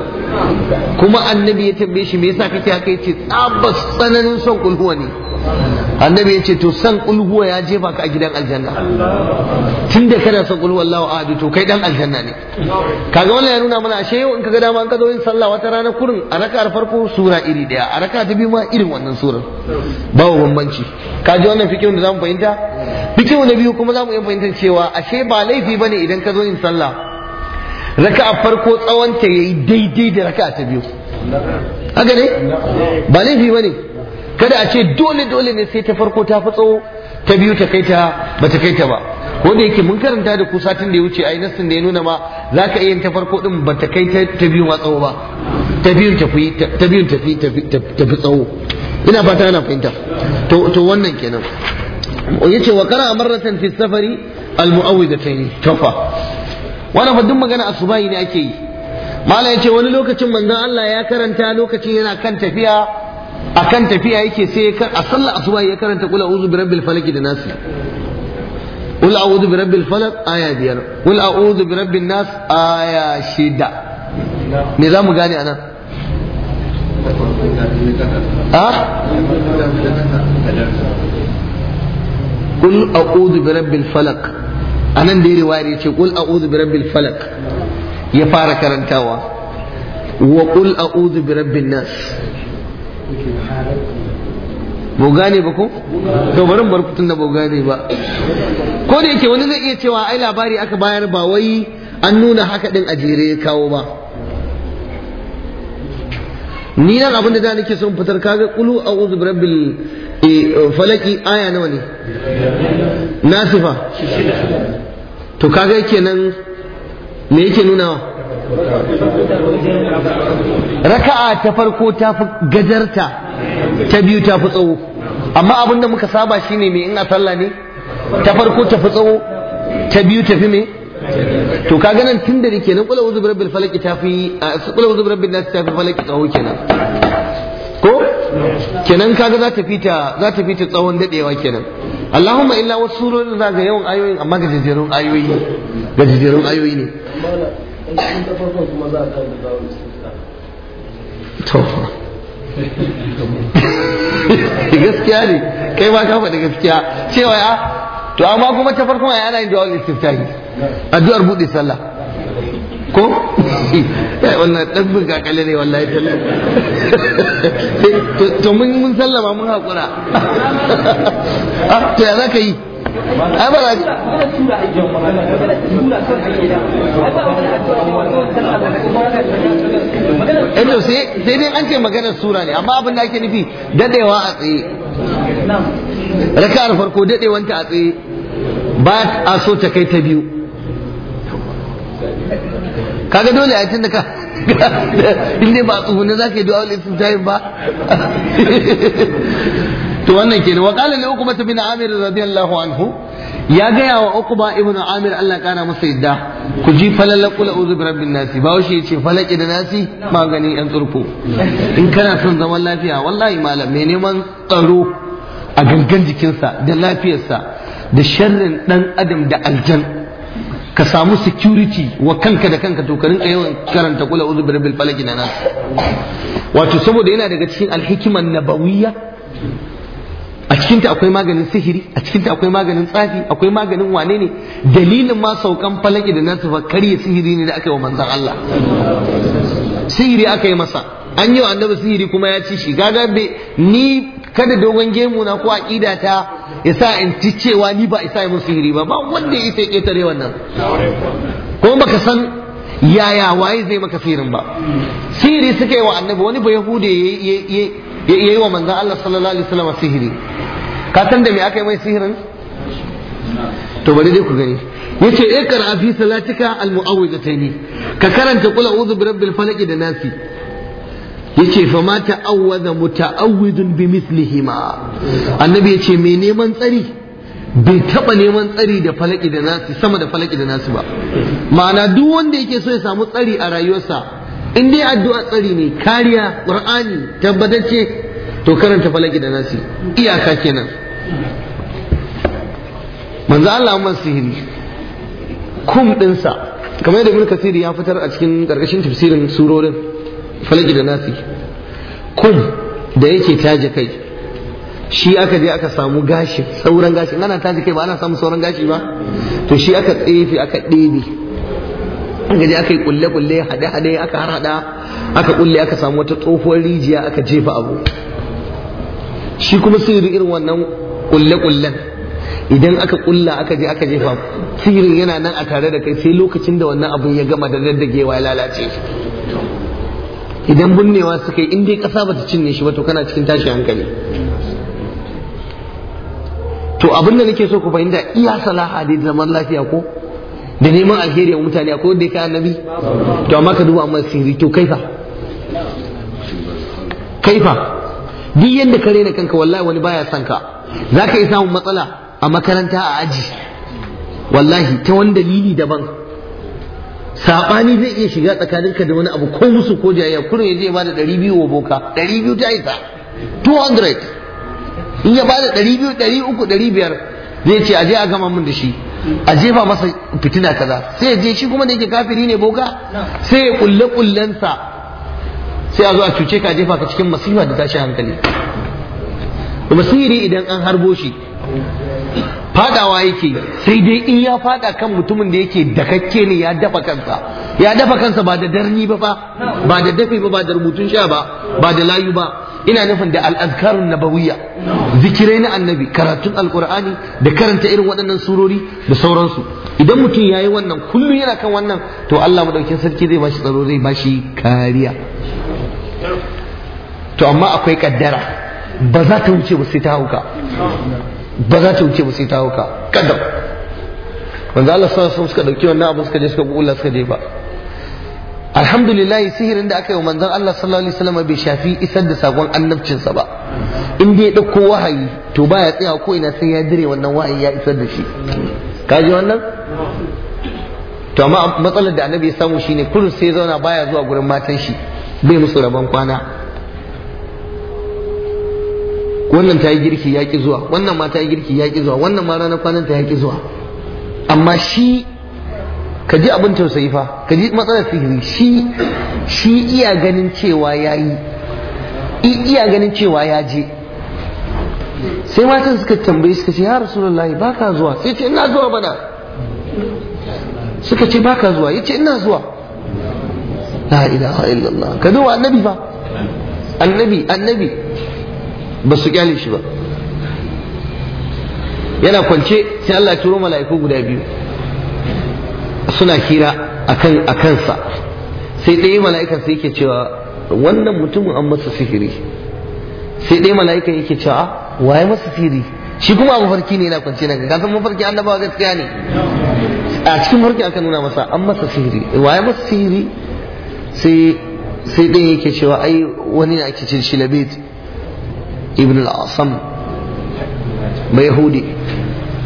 kuma annabi ya tambaye shi me yasa kake haka yace tsabas tsananin son kulhuwa ne annabi ya ce to san kulhuwa ya jefa ka a gidan aljanna tun da kana san kulhuwa Allahu ahadu to kai dan aljanna ne kaga wannan ya nuna mana ashe yau in kaga dama an ka yin sallah wata rana kurin a raka'ar farko sura iri daya a raka ta biyu ma irin wannan surar babu bambanci Kaje wannan fikihun da zamu fahimta fikihun na biyu kuma zamu iya fahimtar cewa ashe ba laifi bane idan ka zo yin sallah raka'a farko tsawon ta yayi daidai da raka'a ta biyu haka ne ba laifi bane kada a ce dole dole ne sai ta farko ta fi tsawo ta biyu ta kai ta ba ta kai ta ba ko da yake mun karanta da ku satin da ya wuce ai nassin da ya nuna ma za ka iya yin ta farko din ba ta kai ta biyu ma tsawo ba ta biyun ta fi ta biyu ta fi ta fi tsawo ina fata ana fahimta to to wannan kenan yace wa qara marratan fi safari al mu'awwidatayn tafa. wannan fa duk magana asubai ne ake yi mala yace wani lokacin manzon Allah ya karanta lokacin yana kan tafiya Akan kan tafiya yake sai a sallar asuba ya karanta kula a uzubi rabbi falaki da nasi kul a uzubi rabbi falak aya biyar kul a uzubi rabbi nas aya shida me za mu gane a nan a uzubi rabbi falak a nan da yi riwari ce kul a uzubi rabbi falak ya fara karantawa wa kul a uzubi rabbi nas ba ba ko to bari bar kutun da ba ba ko da yake wani zai iya cewa ai labari aka bayar ba wai an nuna haka din a jere ya kawo ba ni nan abin da nake son fitar kaga qulu a'udhu birabbil eh, falaki aya nawa ne nasifa to kaga yake nan me yake nunawa raka'a ta farko ta fi gajarta
ta biyu ta fi tsawo
amma abin da muka saba shi ne, mai ina a sallah ne ta farko ta fi tsawo ta biyu ta fi me to ka ganin tun da kenan kula wuzu rabbil falaki ta fi kula wuzu rabbil nas ta fi falaki tsawo kenan ko kenan kaga za ta fita za ta tsawon dadewa kenan Allahumma illa wasu surorin za ga yawan ayoyin amma gajejerun ayoyi gajejerun ayoyi ne to gaskiya ne kai ba ka faɗi gaskiya cewa ya ah, to amma kuma ta farkon ai ana yin du'a yi. addu'ar buɗe sallah ko kai wannan dan buga kale ne wallahi tallahi
to mun mun sallama mun haƙura. ah to ya za ka yi ai ba eh,
sai dai an ce maganar sura ne amma abun da ake nufi dadewa a tsaye farko dadewanta a tsaye ba ta biyu kaga dole a tun da ka [LAUGHS] inda ba ba tsugunne za ka yi du'a ba [LAUGHS] to wannan kenan wa qala li uqba bin amir radiyallahu anhu ya gaya wa uqba ibn amir Allah kana masa yadda ku ji falalla qul a'udhu bi rabbin nas ba shi yace falaki da nasi maganin yan tsurfo in kana son zaman lafiya wallahi malam me neman tsaro a gangan jikinsa da lafiyarsa da sharrin dan adam da aljan ka samu security wa kanka da kanka to ka rinka yawan karanta kula uzu bi rabbil falaki da nas wato saboda yana daga cikin alhikiman nabawiyya a cikinta akwai maganin sihiri a cikinta akwai maganin tsafi akwai maganin wane ne dalilin ma saukan falaki da nasu ba karya sihiri ne da aka yi wa manzan Allah sihiri aka yi masa an yi wa annabi sihiri kuma ya ci shi gaga ni kada dogon gemu na ko aqida ta sa in ci cewa ni ba isa mun sihiri ba ba wanda yake ketare wannan kuma baka san yaya waye zai maka sihirin ba sihiri suka yi wa annabi wani ba yahude ya iya yi wa manzan Allah sallallahu alaihi wasallam sihiri ka san da me aka yi mai sihirin to bari dai ku gani yace ikra fi salatika al mu'awwidataini ka karanta qul a'udhu bi rabbil falaq da nasi yace fa ma ta'awwadha muta'awwidun bi mithlihima annabi yace me neman tsari bai taba neman tsari da falaki da nasi sama da falaki da nasi ba ma'ana duk wanda yake so ya samu tsari a rayuwarsa in dai addu'a tsari ne kariya qur'ani tabbatacce to karanta falaki da nasi iyaka kenan manzo Allah man sihiri kum dinsa kamar yadda ibn ya fitar a cikin gargashin tafsirin surorin falaki da nasi kum da yake taje kai shi aka je aka samu gashi sauran gashi ana taje kai ba ana samu sauran gashi ba to shi aka tsefe aka ɗebe aka je aka yi kulle kulle hade hade aka har hada aka kulle aka samu wata tsohuwar rijiya aka jefa abu shi kuma sirri irin wannan kulle kullen idan aka kulla aka je aka jefa sirrin yana nan a tare da kai sai lokacin da wannan abun ya gama da daddagewa ya lalace idan binnewa suka yi in dai kasa bata cinye shi ba to kana cikin tashi hankali to abin da nake so ku fahimta iya salaha da zaman lafiya ko da neman alheri wa mutane akwai wanda ya kai annabi to amma ka duba amma sirri to kaifa kaifa duk yadda ka rena kanka wallahi wani baya son ka za ka iya samun matsala a makaranta a aji wallahi ta wani dalili daban saɓani zai iya shiga tsakaninka da wani abu ko musu ko jayayya kurin ya je ya bada ɗari biyu wa boka ɗari biyu ta isa 200 in ya bada ɗari biyu ɗari uku ɗari biyar zai ce aje a gama mun da shi a jefa masa fitina kaza sai je shi kuma da yake kafiri ne boga sai ya kulle kullensa sai a zo a cuce ka jefa ka cikin masifa da tashi hankali masiri idan an harbo shi fadawa yake sai dai in ya fada kan mutumin da yake dakakke ne ya dafa kansa ya dafa kansa ba da darni ba fa ba da dafi ba ba da rubutun sha ba ba da layu ba ina nufin da al'azkarun nabawiyya zikirai na annabi karatun alkur'ani da karanta irin waɗannan surori da sauransu idan mutum ya yi wannan kullum yana kan wannan to Allah madaukin sarki zai bashi tsaro zai bashi kariya to amma akwai kaddara ba za ta wuce ba sai ta hauka ba za ta wuce ba sai ta hauka kaddam manzo Allah sallallahu suka dauki wannan abu suka je suka kula suka je ba alhamdulillah sihirin da aka yi wa manzon Allah sallallahu alaihi wasallam bai shafi isar da sakon annabcinsa ba in dai dauko wahayi to baya tsaya ko ina sai ya dire wannan wahayi ya isar da shi kaji wannan to amma matsalar da annabi ya samu shine kullum sai zauna baya zuwa gurin matan shi bai musu rabon kwana wannan ta yi girki ya ki zuwa wannan ma ta yi girki ya ki zuwa wannan ma ranar kwanan ta ya ki zuwa amma shi ka ji abin tausayi fa ka ji matsalar sihiri shi shi iya ganin cewa ya yi iya ganin cewa ya je sai matan suka tambaye suka ce ya rasulullahi ba ka zuwa sai ce ina zuwa bana suka ce ba ka zuwa ya ce ina zuwa la ilaha illallah ka duba annabi fa annabi annabi ba su kyale shi ba yana kwance sai Allah ya turo mala'iku guda biyu suna hira akan a kansa sai ɗaya mala'ikan sai yake cewa wannan mutumin an masa sihiri sai ɗaya mala'ikan yake cewa ah, waye masa sihiri shi kuma abu farki ne na kwance nan ka san mafarki annabawa gaskiya ne a cikin farki aka nuna masa an masa sihiri waye masa sihiri sai sai ɗin yake cewa ai wani ne ake cin shi labit ibn al-asam mai hudi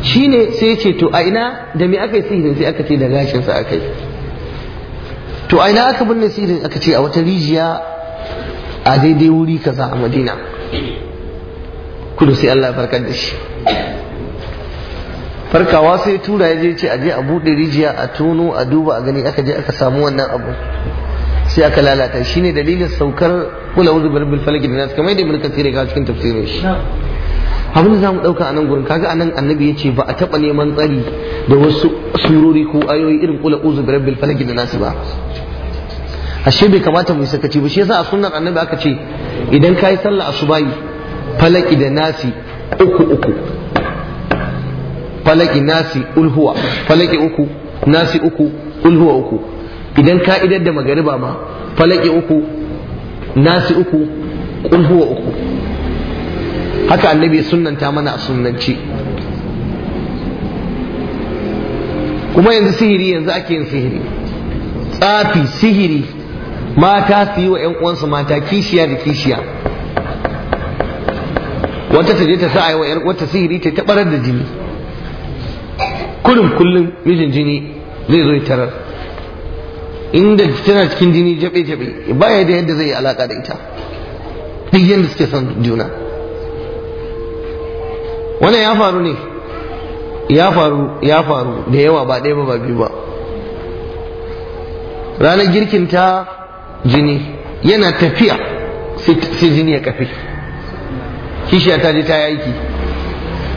shine sai ce to a ina da me aka yi sihirin sai aka ce da gashinsa aka yi to a ina aka binne sihirin aka ce a wata rijiya a daidai wuri kaza a madina kudu sai Allah farkar da shi farkawa sai tura ya je ce a je a buɗe rijiya a tono a duba a gani aka je aka samu wannan abu sai aka lalata shine dalilin saukar kula wuzu bil falaki da nas kamar da ibn tsere ga cikin tafsirin shi abin da za mu ɗauka a nan gurin kaga a nan annabi ya ce ba a taɓa neman tsari da wasu surori ko ayoyi irin kula uzu da falaki da nasu ba ashe bai kamata mu sakaci ba shi yasa a sunnar annabi aka ce idan kayi sallah asubahi falaki da nasi uku uku falaki nasi ulhuwa falaki uku nasi uku ulhuwa uku idan ka idar da magariba ma falaki uku nasi uku ulhuwa uku haka annabi sunanta sunnanta mana a sunnanci kuma yanzu sihiri yanzu ake yin sihiri tsafi sihiri mata su yi wa 'yan uwansu mata kishiya da kishiya wata ta je ta sa'a wa wata sihiri ta tabarar da jini kullum kullum mijin jini zai zo tarar inda tana cikin jini jabe jabe baya da yadda zai yi alaka da ita duk yadda suke son juna wannan ya faru ne ya faru ya faru da yawa ba ɗaya ba ba biyu ba ranar girkin ta jini yana tafiya sai jini ya kafe kishiya ta je ta yi aiki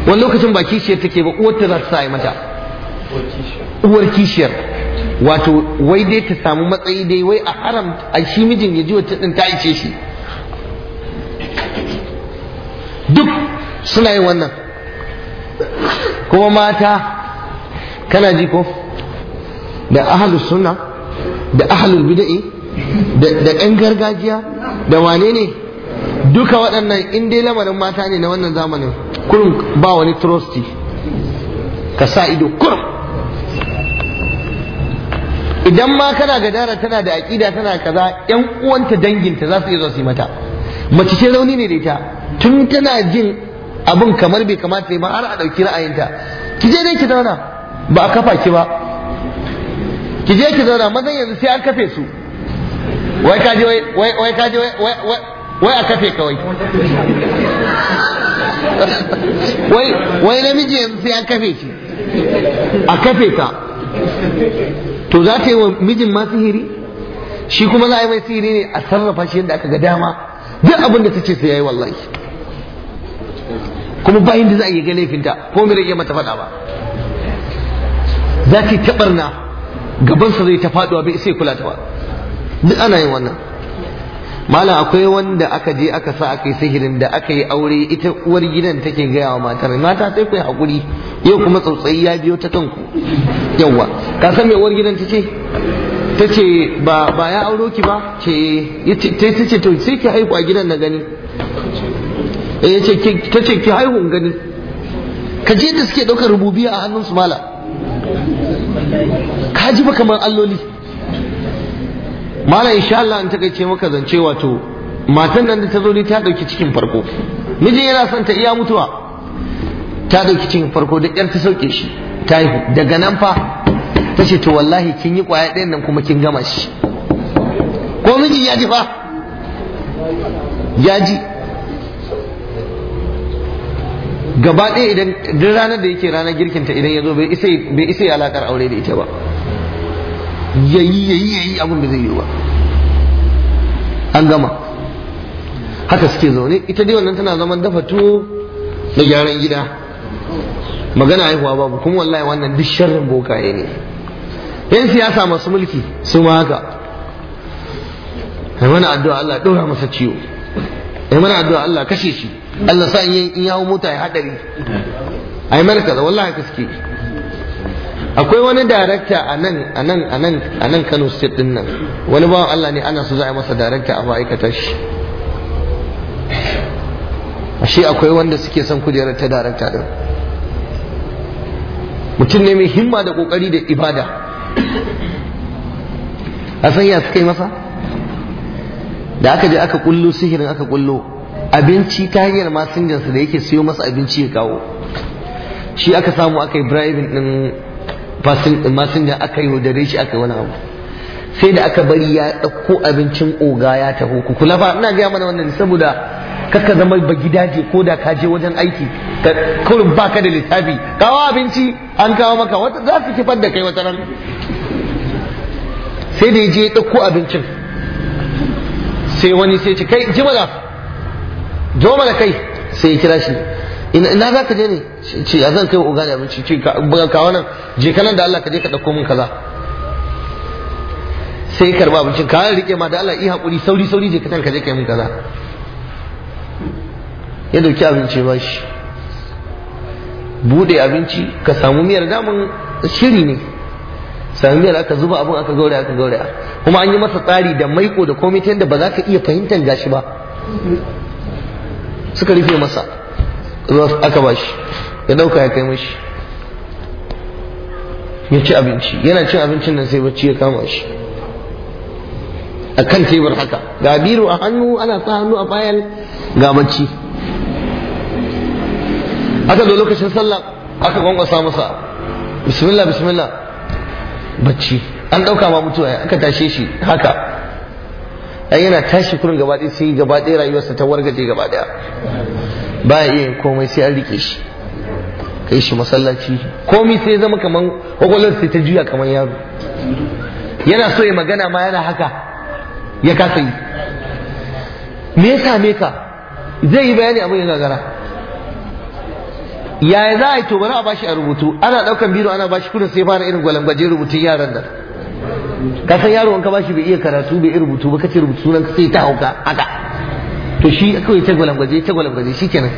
wani lokacin ba kishiyar take ba uwar ta za ta sa mata uwar kishiyar wato wai dai ta samu matsayi dai wai a haram a shi mijin ya ji wata ɗin ta ice shi duk suna yin wannan kuma mata kana ji ko da ahalus sunna da ahlul bida'i, da ɗan gargajiya da wane ne duka waɗannan in dai lamarin mata ne na wannan zamanin kurum ba wani trosti ka sa ido kurum idan ma kana gadara tana da aƙida tana kaza yan uwanta danginta za su iya zuwa su yi mata mace ce rauni ne da ita tun tana jin abin kamar bai kamata ya ma har a ɗauki ra'ayinta ki je dai ki zauna ba a kafa ki ba ki je ki zauna mazan yanzu sai an kafe su wai ka je wai ka je wai wai a kafe kawai wai wai namiji yanzu sai an kafe shi a kafe ka to za ta yi wa mijin ma sihiri shi kuma za a yi mai sihiri ne a sarrafa shi yadda aka ga dama duk abin da ta ce sai ya yi wallahi kuma bayan da za a yi ga laifinta ko mai rage mata faɗa ba za ta yi gaban gabansa zai ta faɗuwa bai sai kula ta ba duk ana yin wannan malam akwai wanda aka je aka sa aka yi sihirin da aka yi aure ita uwar gidan take gaya wa matar mata sai ku yi hakuri yau kuma tsautsayi ya biyo ta kanku yawwa ka san me uwar gidan ta ce ta ce ba ya auro ki ba ce ta ce to sai ki haihu a gidan na gani Eh, ya ce ta ce ki haihu in gani ka je da suke rububiya a hannun su mala ka ji kamar alloli mala insha Allah an takaice maka zance wato matan nan da ta zo ne ta dauki cikin farko miji yana son ta iya mutuwa ta dauki cikin farko da yar ta sauke shi ta haihu daga nan fa ta ce to wallahi kin yi kwaya ɗayan nan kuma kin gama shi ko miji ya ji fa ya ji gaba ɗaya idan duk ranar da yake ranar girkinta idan ya zo bai isa ya alaƙar aure da ita ba yayi yayi yayi abin da zai yi ba an gama haka suke zaune ita dai wannan tana zaman dafa tuwo da gyaran gida magana haihuwa babu kuma wallahi wannan duk sharrin bokaye ne yan siyasa masu mulki su ma haka ai mana addu'a Allah ɗora masa ciwo ai mana addu'a Allah kashe shi Allah sa in ya hau mota ya hadari ai mana kaza wallahi ka suke akwai wani darakta a nan a nan a nan a nan Kano state din nan wani bawan Allah ne ana so za a masa darakta a ma'aikatar shi ashe akwai wanda suke son kujerar ta darakta din mutum ne mai himma da kokari da ibada a san ya suka yi masa da aka je aka kullo sihirin aka kullo abinci ta hanyar masinjansa da yake siyo masa abinci ya kawo shi aka samu aka yi bribing din masinjan aka yi wadare shi aka yi wani abu sai da aka bari ya ɗauko abincin oga ya taho ku kula fa ina gaya mana wannan saboda kaka zama ba gidaje ko da ka je wajen aiki kurin ka da littafi kawo abinci an kawo maka wata za su kifar da kai wata ran sai da ya je ya ɗauko abincin sai wani sai ce kai ji mana zo mana kai sai ya kira shi ina za ka je ne ce a zan kai wa ugana abinci ce ka wannan je nan da Allah ka je ka ɗauko min kaza sai karba abincin ka rike ma da Allah yi hakuri sauri sauri je nan ka je kai mun kaza ya dauki abinci ba shi bude abinci ka samu miyar damun shiri ne sami miyar aka zuba abin aka gauraya aka gauraya kuma an yi masa tsari da maiko da komai ta yadda ba za ka iya fahimtar gashi ba suka rufe masa aka ba shi ya dauka ya kai mashi ya ci abinci yana cin abincin nan sai bacci ya kama shi a kan tebur haka ga biro a hannu ana sa hannu a bayan ga bacci aka zo lokacin sallah aka gwangwasa masa bismillah bismillah bacci an ɗauka ma mutuwa aka tashe shi haka ai yana tashi kurin gaba ɗaya sai gaba ɗaya rayuwarsa ta wargaje gaba ɗaya ba ya iya komai sai an rike shi kai shi masallaci komai sai zama kaman kwakwalwar sai ta juya kaman yaro yana so ya magana ma yana haka ya kasa yi me ya me ka zai yi bayani abin ya gagara yaya za a yi to bari a bashi a rubutu ana daukan biro ana bashi kudin sai fara irin gwalangwaje rubutun yaran nan ka san yaro ka bashi bai iya karatu bai iya rubutu ba kace rubutu nan sai ta hauka haka to shi kawai ta gwalangwaje ta gwalangwaje shikenan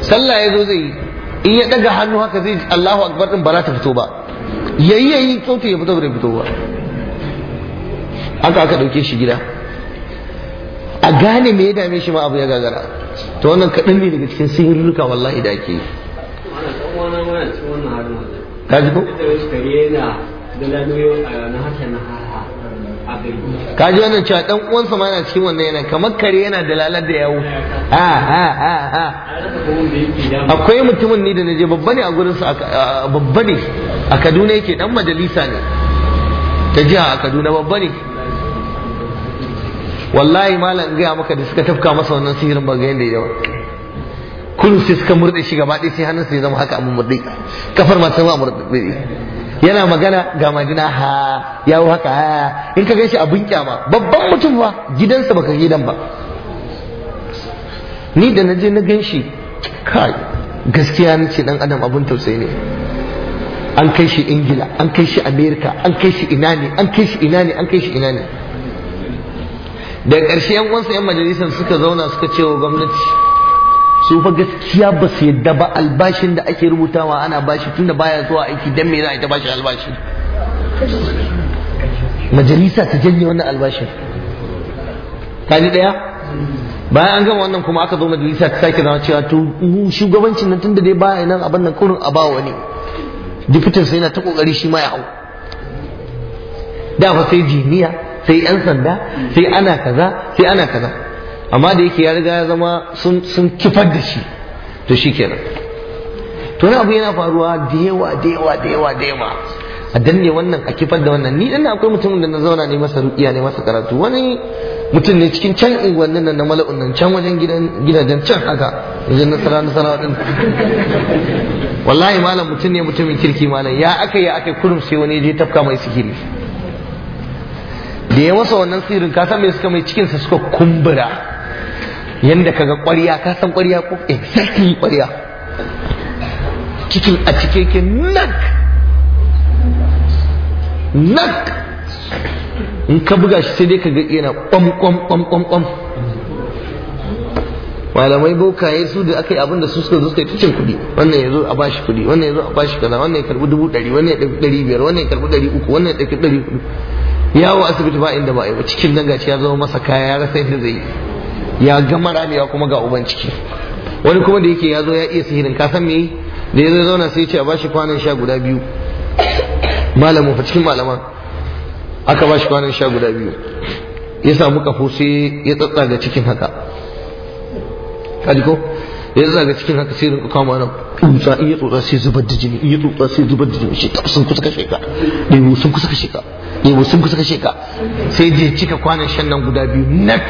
sallah ya zo zai yi in ya daga hannu haka zai Allahu akbar din ba za ta fito ba yayi yayi sautin ya fito bai fito ba haka aka dauke shi gida a gane me ya dame shi ma abu ya gagara to wannan kaɗan ne daga cikin sihirruka wallahi da ake yi kaji wannan cewa dan uwansa ma yana cikin wannan yana kamar kare yana dalalar da yawo
akwai mutumin
ni da naje babba ne a gurin sa babba ne a Kaduna yake dan majalisa ne ta jiha a Kaduna babba ne wallahi malam gaya maka da suka tafka masa wannan sihirin ba ga yanda ya yawa kullum sai suka murɗe shi gaba ɗaya sai hannun sai zama haka abin murɗe kafar ma sama murɗe yana magana ga majina ha yawo haka ha in ka gaishe abin kyama babban mutum ba gidansa baka gidan ba ni da na je na gan shi kai gaskiya ni ce dan adam abin tausayi ne an kai shi ingila an kai shi amerika an kai shi ina ne an kai shi ina ne an kai shi ina ne da ƙarshe yan wansa yan majalisar suka zauna suka ce wa gwamnati su fa gaskiya ba su yadda ba albashin da ake rubutawa ana bashi tunda baya zuwa aiki dan me za a yi ta bashi albashi majalisa ta janye wannan albashin ji daya bayan an gama wannan kuma aka zo majalisa ta sake zama cewa to shugabancin nan tunda dai baya nan abin nan kurin a bawa ne diputin yana ta kokari shi ma ya hau da fa sai jiniya sai yan sanda sai ana kaza sai ana kaza amma da yake ya riga ya zama sun kifar da shi to shi kenan to wani abu yana faruwa da yawa da yawa da yawa da yawa a danne wannan a kifar da wannan ni dan akwai mutum da na zauna ne masa ruqiya ne masa karatu wani mutum ne cikin can unguwannin nan na mala'un nan can wajen gidajen can haka wajen nasara nasara din wallahi malam mutum ne mutumin kirki malam ya aka ya aka kurum sai wani je tafka mai sihiri da ya masa wannan sirrin ka san me suka mai cikinsa suka kumbura yanda kaga ƙwarya ka san ƙwarya ko exactly eh, ƙwarya cikin a cike ke nak nak in ka buga shi sai dai kaga yana kwam malamai bokaye su da aka yi abin da su suka zo suka yi cin kuɗi wannan ya zo a bashi kuɗi wannan ya zo a bashi kaza wannan ya karbi dubu ɗari wannan ya ɗauki ɗari biyar wannan ya karbi ɗari uku wannan ya ɗauki ɗari huɗu yawo asibiti ba inda ba a yi ba cikin nan gashi ya zama masa kaya ya rasa yadda zai ya gama ramewa kuma ga uban ciki wani kuma da yake ya zo ya iya sihirin ka san me da ya zo zauna sai ya ce a bashi kwanan sha guda biyu malamin fa cikin malaman aka bashi kwanan sha guda biyu ya samu kafo sai ya tsatsaga cikin haka Kadiko ko yanzu zaga cikin haka sai rinka kama nan tsutsa iya tsutsa sai zubar da jini iya tsutsa sai zubar da jini shi sun kusa kashe ka mu sun kusa kashe ka mu sun kusa kashe ka sai je cika kwanan shan nan guda biyu nak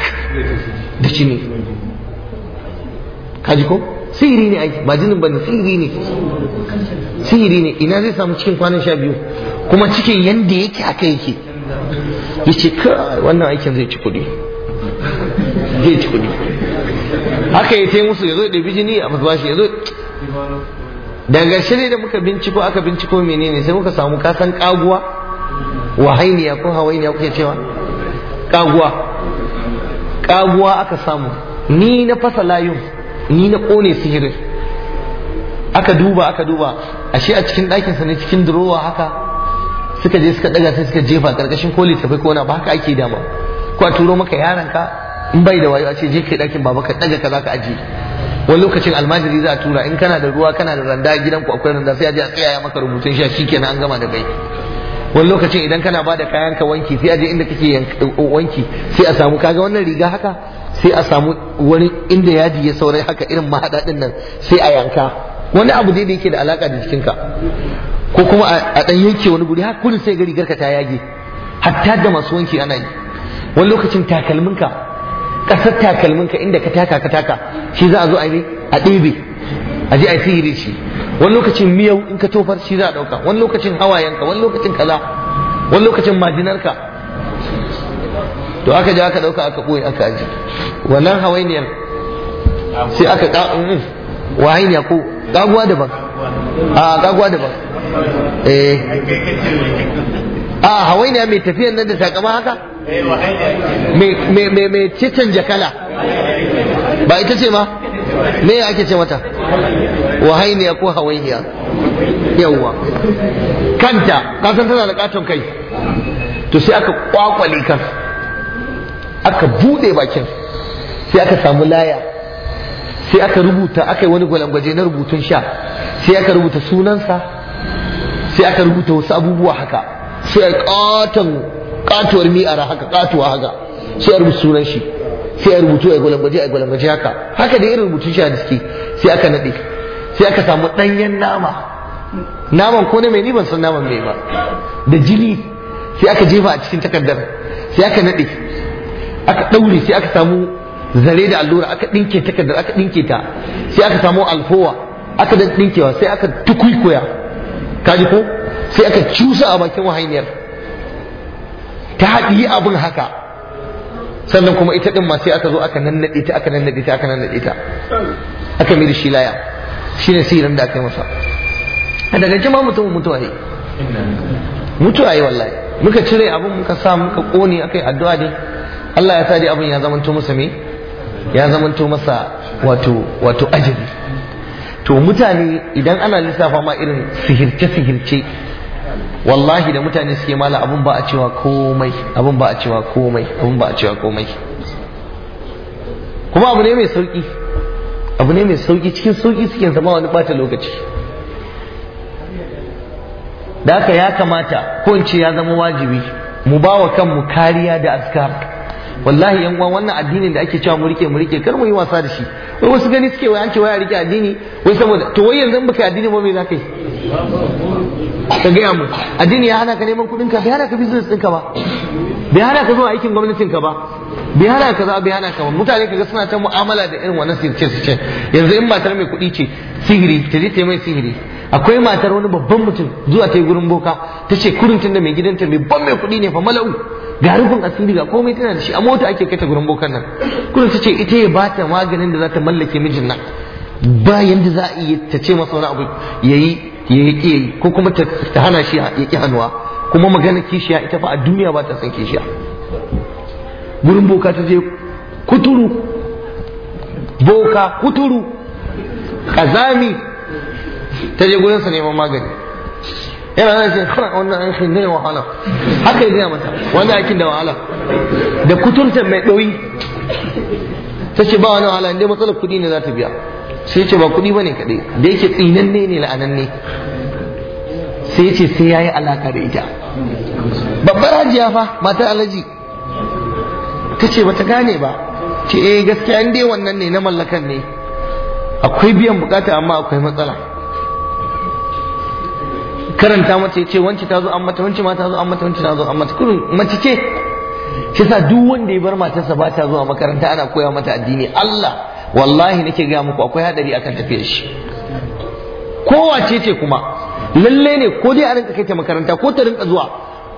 da jini kaji ko sihiri ne ai ba jinin bane sihiri ne sihiri ne ina zai samu cikin kwanan sha biyu kuma cikin yanda yake aka yake yace ka wannan aikin zai ci kuɗi zai ci kuɗi haka ya sai musu ya zo da bijini a shi ya zo daga shirya da muka binciko aka binciko menene sai muka samu kasan kaguwa wahainiya ko hawainiya kuke cewa kaguwa kaguwa aka samu ni na fasa layun ni na kone sihirin aka duba aka duba ashe a cikin ɗakinsa ne cikin durowa haka suka je suka daga sai suka jefa karkashin koli tafai ko na ba haka ake dama ko a turo maka yaranka in bai da wayo a ce je kai ɗakin baba ka ɗaga kaza ka aje wani lokacin almajiri za a tura in kana da ruwa kana da randa gidan ku akwai randa sai a je a tsaya maka rubutun sha shikenan an gama da kai wani lokacin idan kana bada kayan ka wanki sai a je inda kake wanki sai a samu kaga wannan riga haka sai a samu wani inda yaji ya saurai haka irin din nan sai a yanka wani abu dai da yake da alaka da jikinka ko kuma a dan yanke wani guri har kullun sai ga rigarka ta yage hatta da masu wanki ana yi wani lokacin takalminka ƙasar takalminka inda ka taka ka taka shi za a zo a yi a ɗebe a je a yi sihiri shi wani lokacin miyau in ka tofar shi za a ɗauka wani lokacin hawayenka wani lokacin kaza wani lokacin majinarka to aka je aka ɗauka aka ɓoye aka aji wannan hawainiyar
sai aka ƙa'un
mm, wahainiya ko da daban a ƙaguwa daban eh a hawainiya mai tafiyan nan da takama haka mai cikin kala ba ita ce ba me ake ce mata wahainiya ko hawainiya yawwa kanta kasan tana da katon kai to sai aka kwakwale kan aka bude bakin sai aka samu laya sai aka rubuta aka yi wani gwalangwaje na rubutun sha sai aka rubuta sunansa sai aka rubuta wasu abubuwa haka sai a katon katuwar mi'ara haka katuwa haka sai a rubuta sunan shi sai a rubutu baje ai gulan baje haka haka da irin rubutun shi a jiki sai aka nade sai aka samu danyen nama naman ko na mai ni ban san naman mai ba da jini sai aka jefa a cikin takardar sai aka nade aka daure sai aka samu zare da allura aka dinke takardar aka dinke ta sai aka samu alfowa aka dinkewa sai aka tukuikoya kaji ko sai aka cusa a bakin wahainiyar ta haɗi abin haka sannan kuma ita ɗin masu aka zo aka nannaɗe ta aka nannaɗe ta aka nannaɗe ta aka mai da shi laya shi ne sirin da aka yi masa a daga jima mutum mutuwa ne mutuwa yi wallahi muka cire abin muka sa muka ƙone aka yi addu'a ne Allah ya sa abin ya zamanto masa me ya zamanto masa wato wato ajali to mutane idan ana lissafa ma irin sihirce sihirce wallahi da mutane suke mala abun ba a cewa komai abun ba a cewa komai abun ba a cewa komai kuma abu ne mai sauki abu ne mai sauki cikin sauki suke zama wani bata lokaci da haka ya kamata ko in ce ya zama wajibi mu ba wa kanmu kariya da askar wallahi yan uwan wannan addinin da ake cewa mu rike mu rike kar mu yi wasa da shi wai wasu gani suke wai an ce wai a rike addini wai saboda to wai yanzu baka addini ba me za ka yi ka gaya mu addini ya hana ka neman kuɗin ka bai hana ka business ka ba bai hana ka zuwa aikin gwamnatin ka ba bai hana ka za bai hana ka ba mutane kaga suna ta mu'amala da irin wannan sirce sirce yanzu in matar mai kuɗi ce sihiri ta je ta yi mai sihiri akwai matar wani babban mutum zuwa ta yi gurin boka ta ce kurin tun da mai gidanta mai ban mai kuɗi ne fa mala'u ga rufin asiri ga komai tana da shi a mota ake kaita gurin bokan nan kurin ta ce ita ya ba ta maganin da za ta mallake mijin nan ba yanda za a iya ta ce masa wani abu ya yi ya yi ko kuma ta hana shi ya ƙi hannuwa kuma magana kishiya ita fa a duniya ba ta san kishiya gurin boka ta je kuturu boka kuturu kazami ta je gurin sa neman magani yana zai ce kana wannan aikin ne wahala haka ya gaya mata wannan aikin da wahala da kuturta mai ɗoyi ta ce ba wani wahala inda matsalar kuɗi ne za ta biya sai ce ba kuɗi ba ne kaɗai da yake tsinanne ne la'ananne sai ce sai ya yi alaka da ita babbar hajiya fa matar alaji ta ce ba ta gane ba ce eh gaskiya in wannan ne na mallakan ne akwai biyan bukata amma akwai matsala karanta mata ce wance ta zo an mata wance ma ta zo an mata wance ta zo an mata kurin mace ce shi sa duk wanda ya bar matarsa ba ta zuwa makaranta ana koya mata addini Allah wallahi nake ga muku akwai hadari akan tafiyar shi kowace ce kuma lalle ne ko dai a rinka kai ta makaranta ko ta rinka zuwa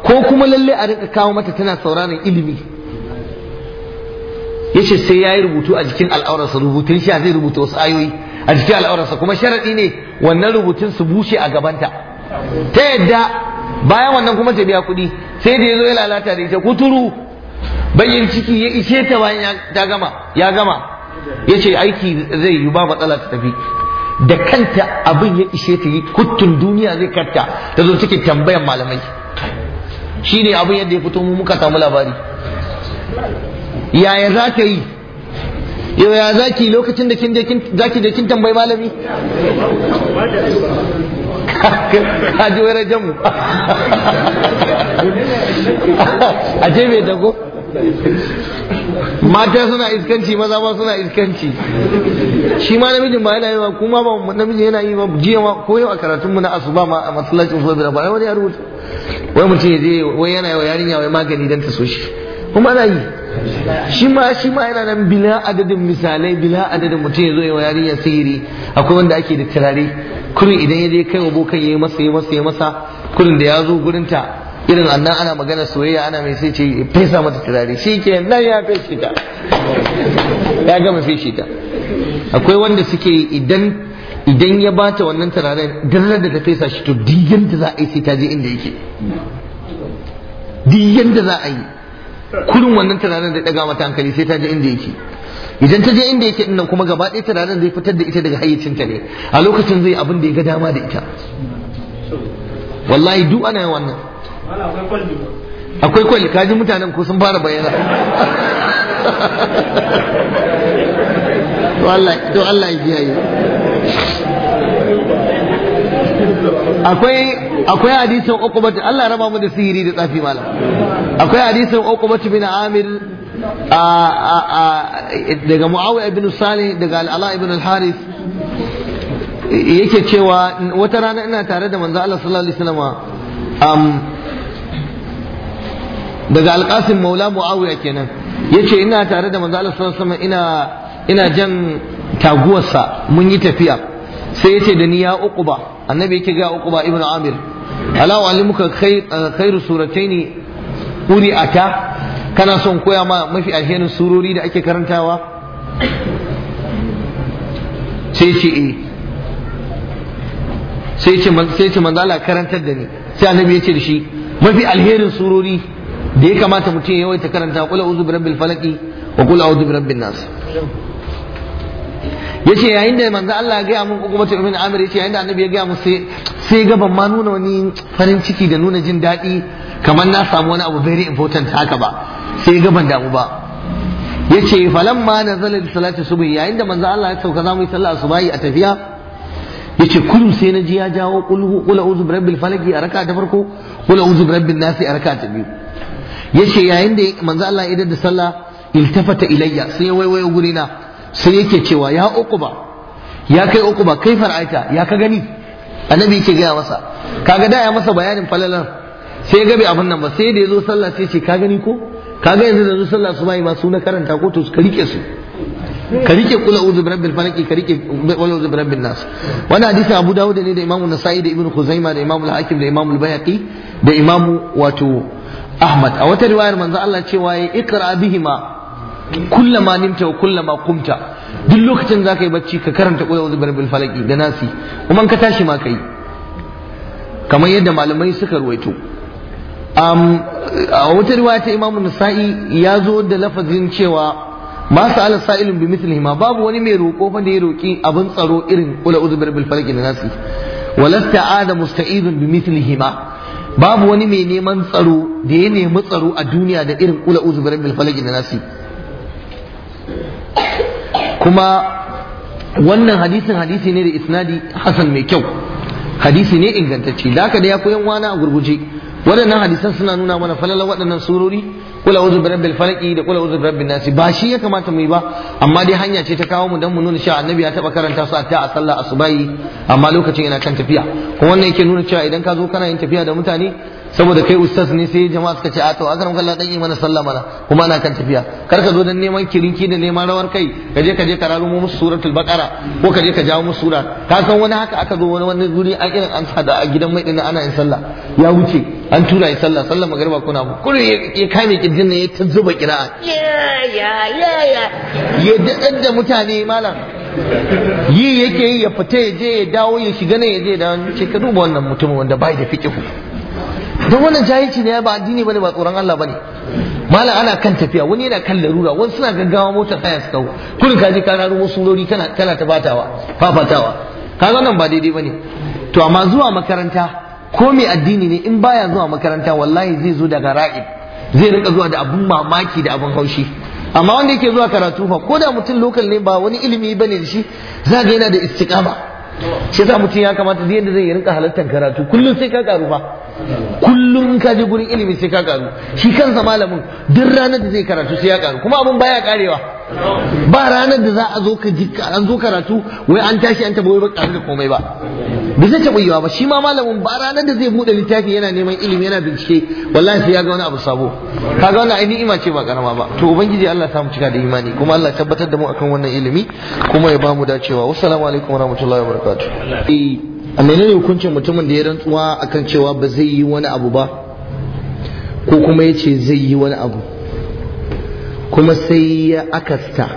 ko kuma lalle a rinka kawo mata tana sauraron ilimi yace sai yayi rubutu a jikin al'aurarsa rubutun shi zai rubuta wasu ayoyi a jikin al'aurarsa kuma sharadi ne wannan rubutun su bushe a gabanta ta yadda bayan wannan kuma ta biya kuɗi sai da ya zo ya lalata da ita kuturu bayin ciki ya ishe ta bayan ya gama ya gama ya ce aiki zai yi ba matsala ta tafi da kanta abin ya ishe ta yi kuttun duniya zai karta ta zo cikin tambayan malamai shi ne abin yadda ya fito mu muka samu labari yaya za ta yi yaya za ki lokacin da kin je kin tambayi malami kaji wani jan mu a ce mai dago mata suna iskanci maza ba suna iskanci shi ma namijin ba yana yi ba kuma ba namijin yana yi ba jiya ma ko yau a karatunmu na asuba ma a masallacin so bira ba wani ya rubuta wai mutum ya je wai yana yi wa yarinya wai magani don ta so shi kuma ana yi shi ma shi ma yana nan bila adadin misalai bila adadin mutum ya zo yi wa yarinya sihiri akwai wanda ake da turare kurin idan ya je kai wa ya yi masa yi masa ya masa kurin da ya zo gurinta irin annan ana magana soyayya ana mai sai ce fesa mata turare shi ke nan ya feshe ta ya gama feshe ta akwai wanda suke idan idan ya bata wannan turaren dallar da ta fesa shi to diyan da za a yi sai ta je inda yake diyan da za a yi kurin wannan turaren da daga mata hankali sai ta je inda yake idan ta je inda yake dinnan kuma gaba ɗaya tunanin zai fitar da ita daga hayyacinta ne a lokacin zai abin da ya ga dama da ita wallahi duk ana yin wannan akwai kwalli kaji mutanen ko sun fara bayyana to Allah ya kiyaye akwai akwai hadisin ukubatu Allah raba mu da sihiri da tsafi malam akwai hadisin ukubatu bin amir daga muawiya ibn salih daga al'ala ibn al-haris yake cewa wata rana ina tare da manzo Allah sallallahu alaihi wasallam daga Al-Qasim maula muawiya kenan yace ina tare da manzo Allah sallallahu alaihi wasallam ina ina jan taguwarsa mun yi tafiya sai yace da ni ya uquba annabi yake ga uquba ibn amir ala wa alimuka khairu surataini uri ata kana son koya ma mafi alherin surori da ake karantawa sai ce eh sai ce sai ce manzala karantar da ni sai annabi ya ce da shi mafi alherin surori da ya kamata mutum ya yawaita karanta kula uzu bi rabbil falaqi wa qul a'udhu bi rabbin nas yace yayin da manzo Allah ya gaya mun ko kuma tumin amir yace yayin da annabi ya gaya mun sai sai ga ban ma nuna wani farin ciki da nuna jin daɗi kamar na samu wani abu very important haka ba sai ga ban damu ba yace falamma nazala salatu salati subhi yayin da manzo Allah ya sauka zamu yi sallah subhi a tafiya yace kullu sai na ji ya jawo qul qul a'udhu bi rabbil falaqi a raka ta farko qul a'udhu bi rabbin nasi a raka ta biyu yace yayin da manzo Allah ya da sallah iltafata ilayya sai ya waiwayo gurina sai yake cewa ya uquba ya kai uquba kai far'aita ya ka gani annabi yake ga masa kaga da ya masa bayanin falalar sai ya bi abun nan ba sai da ya zo sallah sai ce ka gani ko kaga yanzu da sallah su ma su na karanta ko to ka su karike kula uzu birabbil falaki karike Wani wala uzu birabbin nasu wani hadisin abu dawud ne da imamu nasa'i da Ibn khuzaima da imamu al-hakim da imamu al bayaqi da imamu wato ahmad a wata riwayar manzo Allah cewa ya ikra bihima kullama nimta wa kullama kumta duk lokacin ka yi bacci ka karanta kula uzu birabbil falaki da nasi kuma ka tashi ma kai kamar yadda malamai suka ruwaito a wata riwaya ta imamu sa'i ya zo da lafazin cewa ma sa'ala sa'ilun bi mithlihi ma babu wani mai roƙo fa da ya roƙi abin tsaro irin kula uzbir bil da nasi walasta ada musta'idun bi mithlihi ma babu wani mai neman tsaro da ya nemi tsaro a duniya da irin kula uzbir bil da nasi kuma wannan hadisin hadisi ne da isnadi hasan mai kyau hadisi ne ingantacce da haka da ya koyan wani a gurguje waɗannan hadisan suna nuna mana falalar waɗannan surori kula wuzu da rabbi da kula wuzu da rabbi nasi ba shi ya kamata mu yi ba amma dai hanya ce ta kawo mu dan mu nuna cewa annabi ya taba karanta su a ta a sallah asubahi amma lokacin yana kan tafiya kuma wannan yake nuna cewa idan ka zo kana yin tafiya da mutane saboda kai ustaz ne sai jama'a suka ce a to akaram kallah dan yi mana sallah mana kuma ana kan tafiya kar ka zo dan neman kirinki da neman rawar kai ka je ka je ka mu musu suratul baqara ko ka je ka jawo musu sura ka san wani haka aka zo wani wani guri a irin an sada a gidan mai dinnan ana yin sallah ya wuce an tura yi sallah sallah magariba kuna mu kun ya kame kirjin ne ya ta zuba kira. ya ya ya ya ya da mutane malam yi yake yi ya fita ya je ya dawo ya shiga ne ya je da ce ka duba wannan mutumin wanda bai da ku. don wannan jahilci ne ba addini bane ba tsoron Allah bane malam ana kan tafiya wani yana kan larura wani suna gaggawa motar haya su kawo kullum kaji je ka raro lori kana kana ta batawa fafatawa kaga nan ba daidai bane to amma zuwa makaranta ko mai addini ne in baya zuwa makaranta wallahi zai zo daga ra'id zai rika zuwa da abun mamaki da abun haushi amma wanda yake zuwa karatu fa ko da mutum lokal ne ba wani ilimi bane da shi za ga yana da istiqama shi yasa mutum ya kamata da yadda zai rinka halartar karatu kullum sai ka karu fa kullum in ka je gurin ilimi sai ka karu shi kansa malamin duk ranar da zai karatu sai ya karu kuma abun baya karewa ba ranar da za a zo ka an zo karatu wai an tashi an taba ba a da komai ba ba zai taba yiwa ba shi ma malamin ba ranar da zai buɗe littafi yana neman ilimi yana bincike wallahi sai ya ga wani abu sabo kaga wannan ai ni'ima ce ba karama ba to ubangiji Allah ya samu cika da imani kuma Allah tabbatar da mu akan wannan ilimi kuma ya bamu dacewa wassalamu alaikum warahmatullahi wabarakatuh eh, a menene hukuncin mutumin da ya rantsuwa akan cewa ba zai yi wani abu ba ko kuma ya ce zai yi wani abu kuma sai ya akasta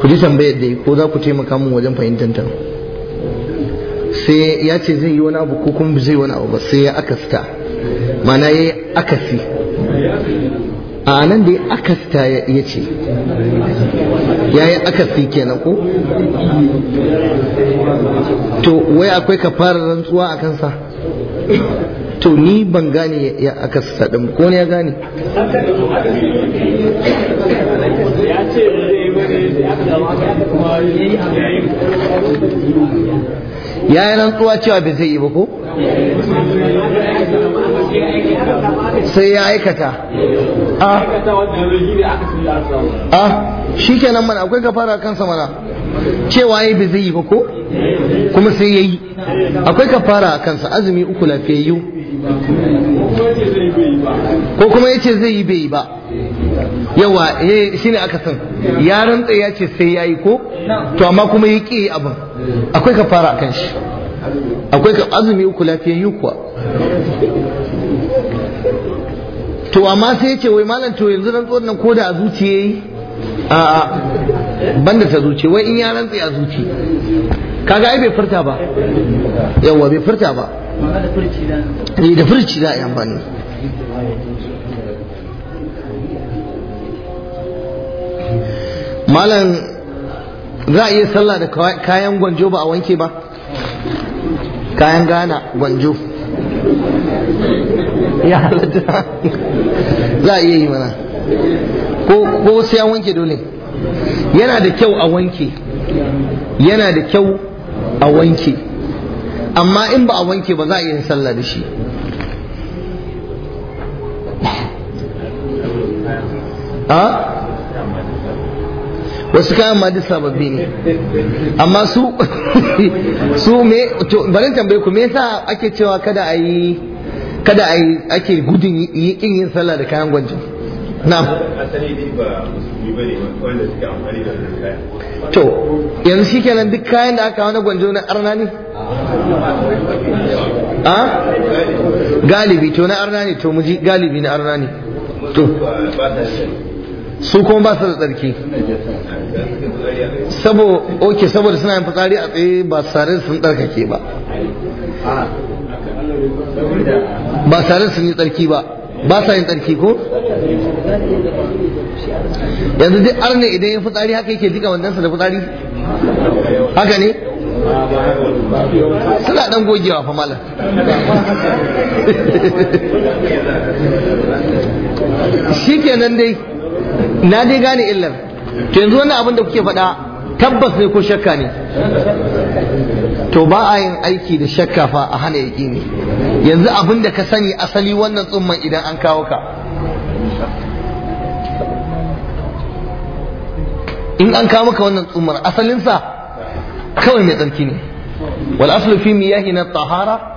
ku ji tambayar dai ko za ku taimaka mun wajen fahimtar ta sai ya ce zai yi wani abu ko kuma zai wani abu ba sai ya akasta mana ya yi akasi a nan da ya akasta ya ce ya yi akasi kenan ko to wai akwai kafarar rantsuwa a kansa to ni ban gane ya aka sadin ko ne ya gane ya yi rantsuwa cewa bai zai yi ba ko sai ya aikata a ah. ah, shi kenan mana akwai kafara kansa mana cewa ya bai zai yi ba ko kuma sai ya yi akwai kafara a kansa azumi uku lafiyayyu ko kuma ya ce zai yi bai yi ba yawa eh, shi ne aka san ya rantsa ya ce sai ya yi ko
to amma kuma ya ƙi
abin akwai kafara a kan shi akwai ka azumi uku yi kuwa to amma sai yace wai malam to yanzu rantsuwar nan da a zuciya yi a banda ta zuci wai in ya rantsi a zuci kaga ai bai furta ba yawa bai furta ba
eh da furci za a yi amfani
malam za a iya sallah da kayan gwanjo ba a wanke ba kayan gana gwanjo ya halatta za a iya yi mana ko sai an wanke dole yana da kyau a wanke yana da kyau a wanke amma in ba a wanke ba za a iya sallah da shi a wasu kayan ma duk sababbi ne amma su [LAUGHS] su me to bari tambaye ku me yasa ake cewa kada a yi kada a yi ake gudun yi kin yin sallah da kayan gwanji na,
to yanzu shikenan
duk kayan da aka wani gwanjo na arna ne a ah? ah? galibi to na arna ne to muji galibi na arna ne to su kuma ba su da tsarki sabo oke saboda suna yin fitsari a tsaye ba tare sun tsarkake ba ba tare sun yi tsarki ba ba sa yin tsarki ko yanzu duk arne idan yin fitsari haka yake jika wandansa da fitsari haka ne suna dan gogewa fa malam shikenan dai na dai gane illar to yanzu wannan abin da kuke faɗa tabbas ne ko shakka ne to ba a yin aiki da shakka fa a hana ne, yanzu abin da ka sani asali wannan tsumman idan an kawo ka in an kawo maka wannan tsumman asalinsa kawai mai tsarki ne wal aslu fi miyahi na tahara kamar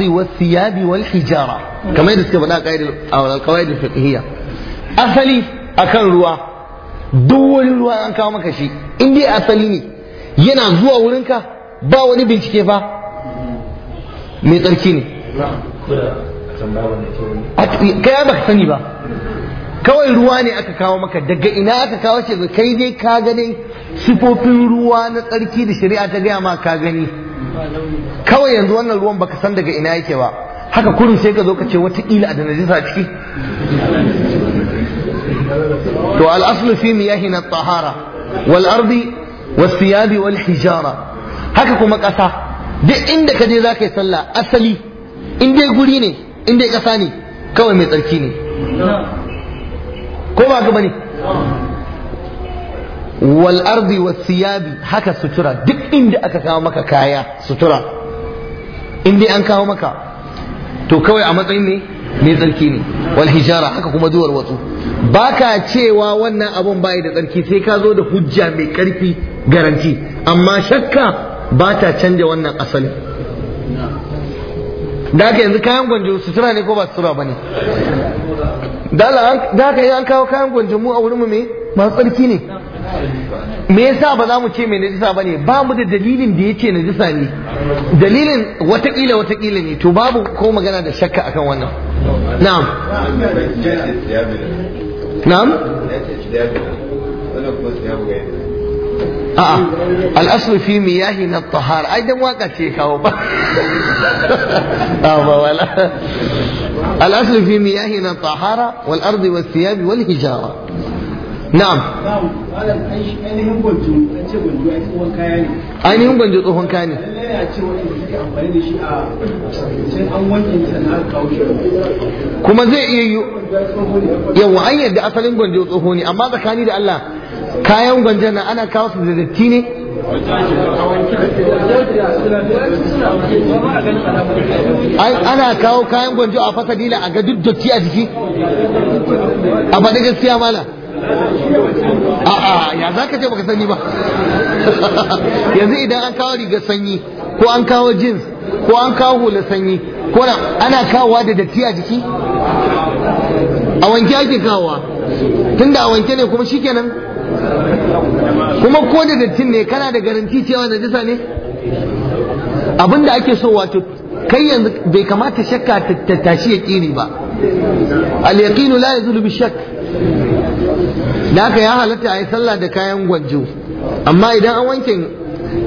والثياب والحجارة كما يدرس kawai da الفقهية asali akan ruwa duk wani ruwa an kawo maka shi in dai asali ne yana zuwa wurinka ba wani bincike fa mai tsarki ne kai baka sani ba kawai ruwa ne aka kawo maka daga ina aka kawo shi kai dai ka gani sifofin ruwa na tsarki da shari'a ta gaya ma ka gani kawai yanzu wannan ruwan baka san daga ina yake ba haka kurin sai ka zo ka ce wata a da ciki to al'aslu fi miyahin at-tahara wal ardi haka kuma ƙasa duk inda ka je zaka yi sallah asali in dai guri ne in dai ƙasa ne kawai mai tsarki ne ko ba ga bane wal ardi was haka sutura duk inda aka kawo maka kaya sutura in an kawo maka to kawai a matsayin ne mai tsarki ne wal hijara haka kuma duwar watsu baka cewa wannan abun bai da tsarki sai ka zo da hujja mai karfi garanti amma shakka ba ta canja wannan asali da haka yanzu kayan gwanjo sutura ne ko ba sutura ba ne da haka an kawo kayan gwanjo mu a wurin mu me masu tsarki ne me yasa ba za mu ce mai najisa bane ba mu da dalilin da yace najisa ne dalilin watakila watakila ne to babu ko magana da shakka akan wannan na'am
na'am a'a
al'aslu fi miyahi na tahar ai dan waka ce kawo ba
[LAUGHS]
ba wala al'aslu fi miyahi na tahara wal ardi was thiyabi wal hijara
na'am ainihin gwanjo tsohon kaya ne kuma zai iya
yi yawa an yadda asalin gwanjo tsoho ne amma tsakani da Allah kayan gwanjon na ana kawo su da datti ne ana kawo kayan gwanjo a fasadila a ga duk datti a jiki a faɗi gaskiya mala a'a ya za ka ce baka sani ba [LAUGHS] yanzu idan an kawo rigar sanyi ko an kawo jeans ko an kawo hula sanyi ko ana kawowa da datti a jiki a wanke ake kawowa da a wanke ne kuma shikenan kuma ko da dattin ne kana da garanti cewa jisa ne Abin da ake so wato kai yanzu bai kamata shakka ta tashi ya kiri ba al yaqinu la yazulu bi shakk da haka ya halatta a yi sallah da kayan gwanjo amma idan an wanke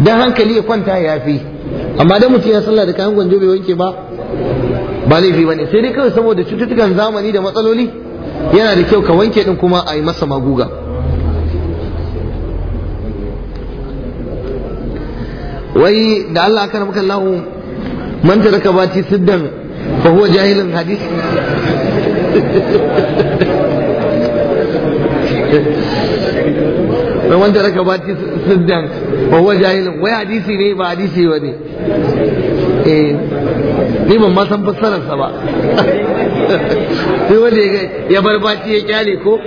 dan hankali ya kwanta ya fi amma dan mutum ya sallah da kayan gwanjo bai wanke ba ba laifi bane sai dai kawai saboda cututtukan zamani da matsaloli yana da kyau ka wanke din kuma a yi masa maguga wai da Allah aka maka Allah man taraka bati siddan fa huwa jahilun [LAUGHS] man wanda raka ba ci siddan ba huwa jahilin wai hadisi ne ba hadisi ba ne eh, ni ban ma san fassararsa ba [LAUGHS] sai wanda ya bar baci ya kyale ko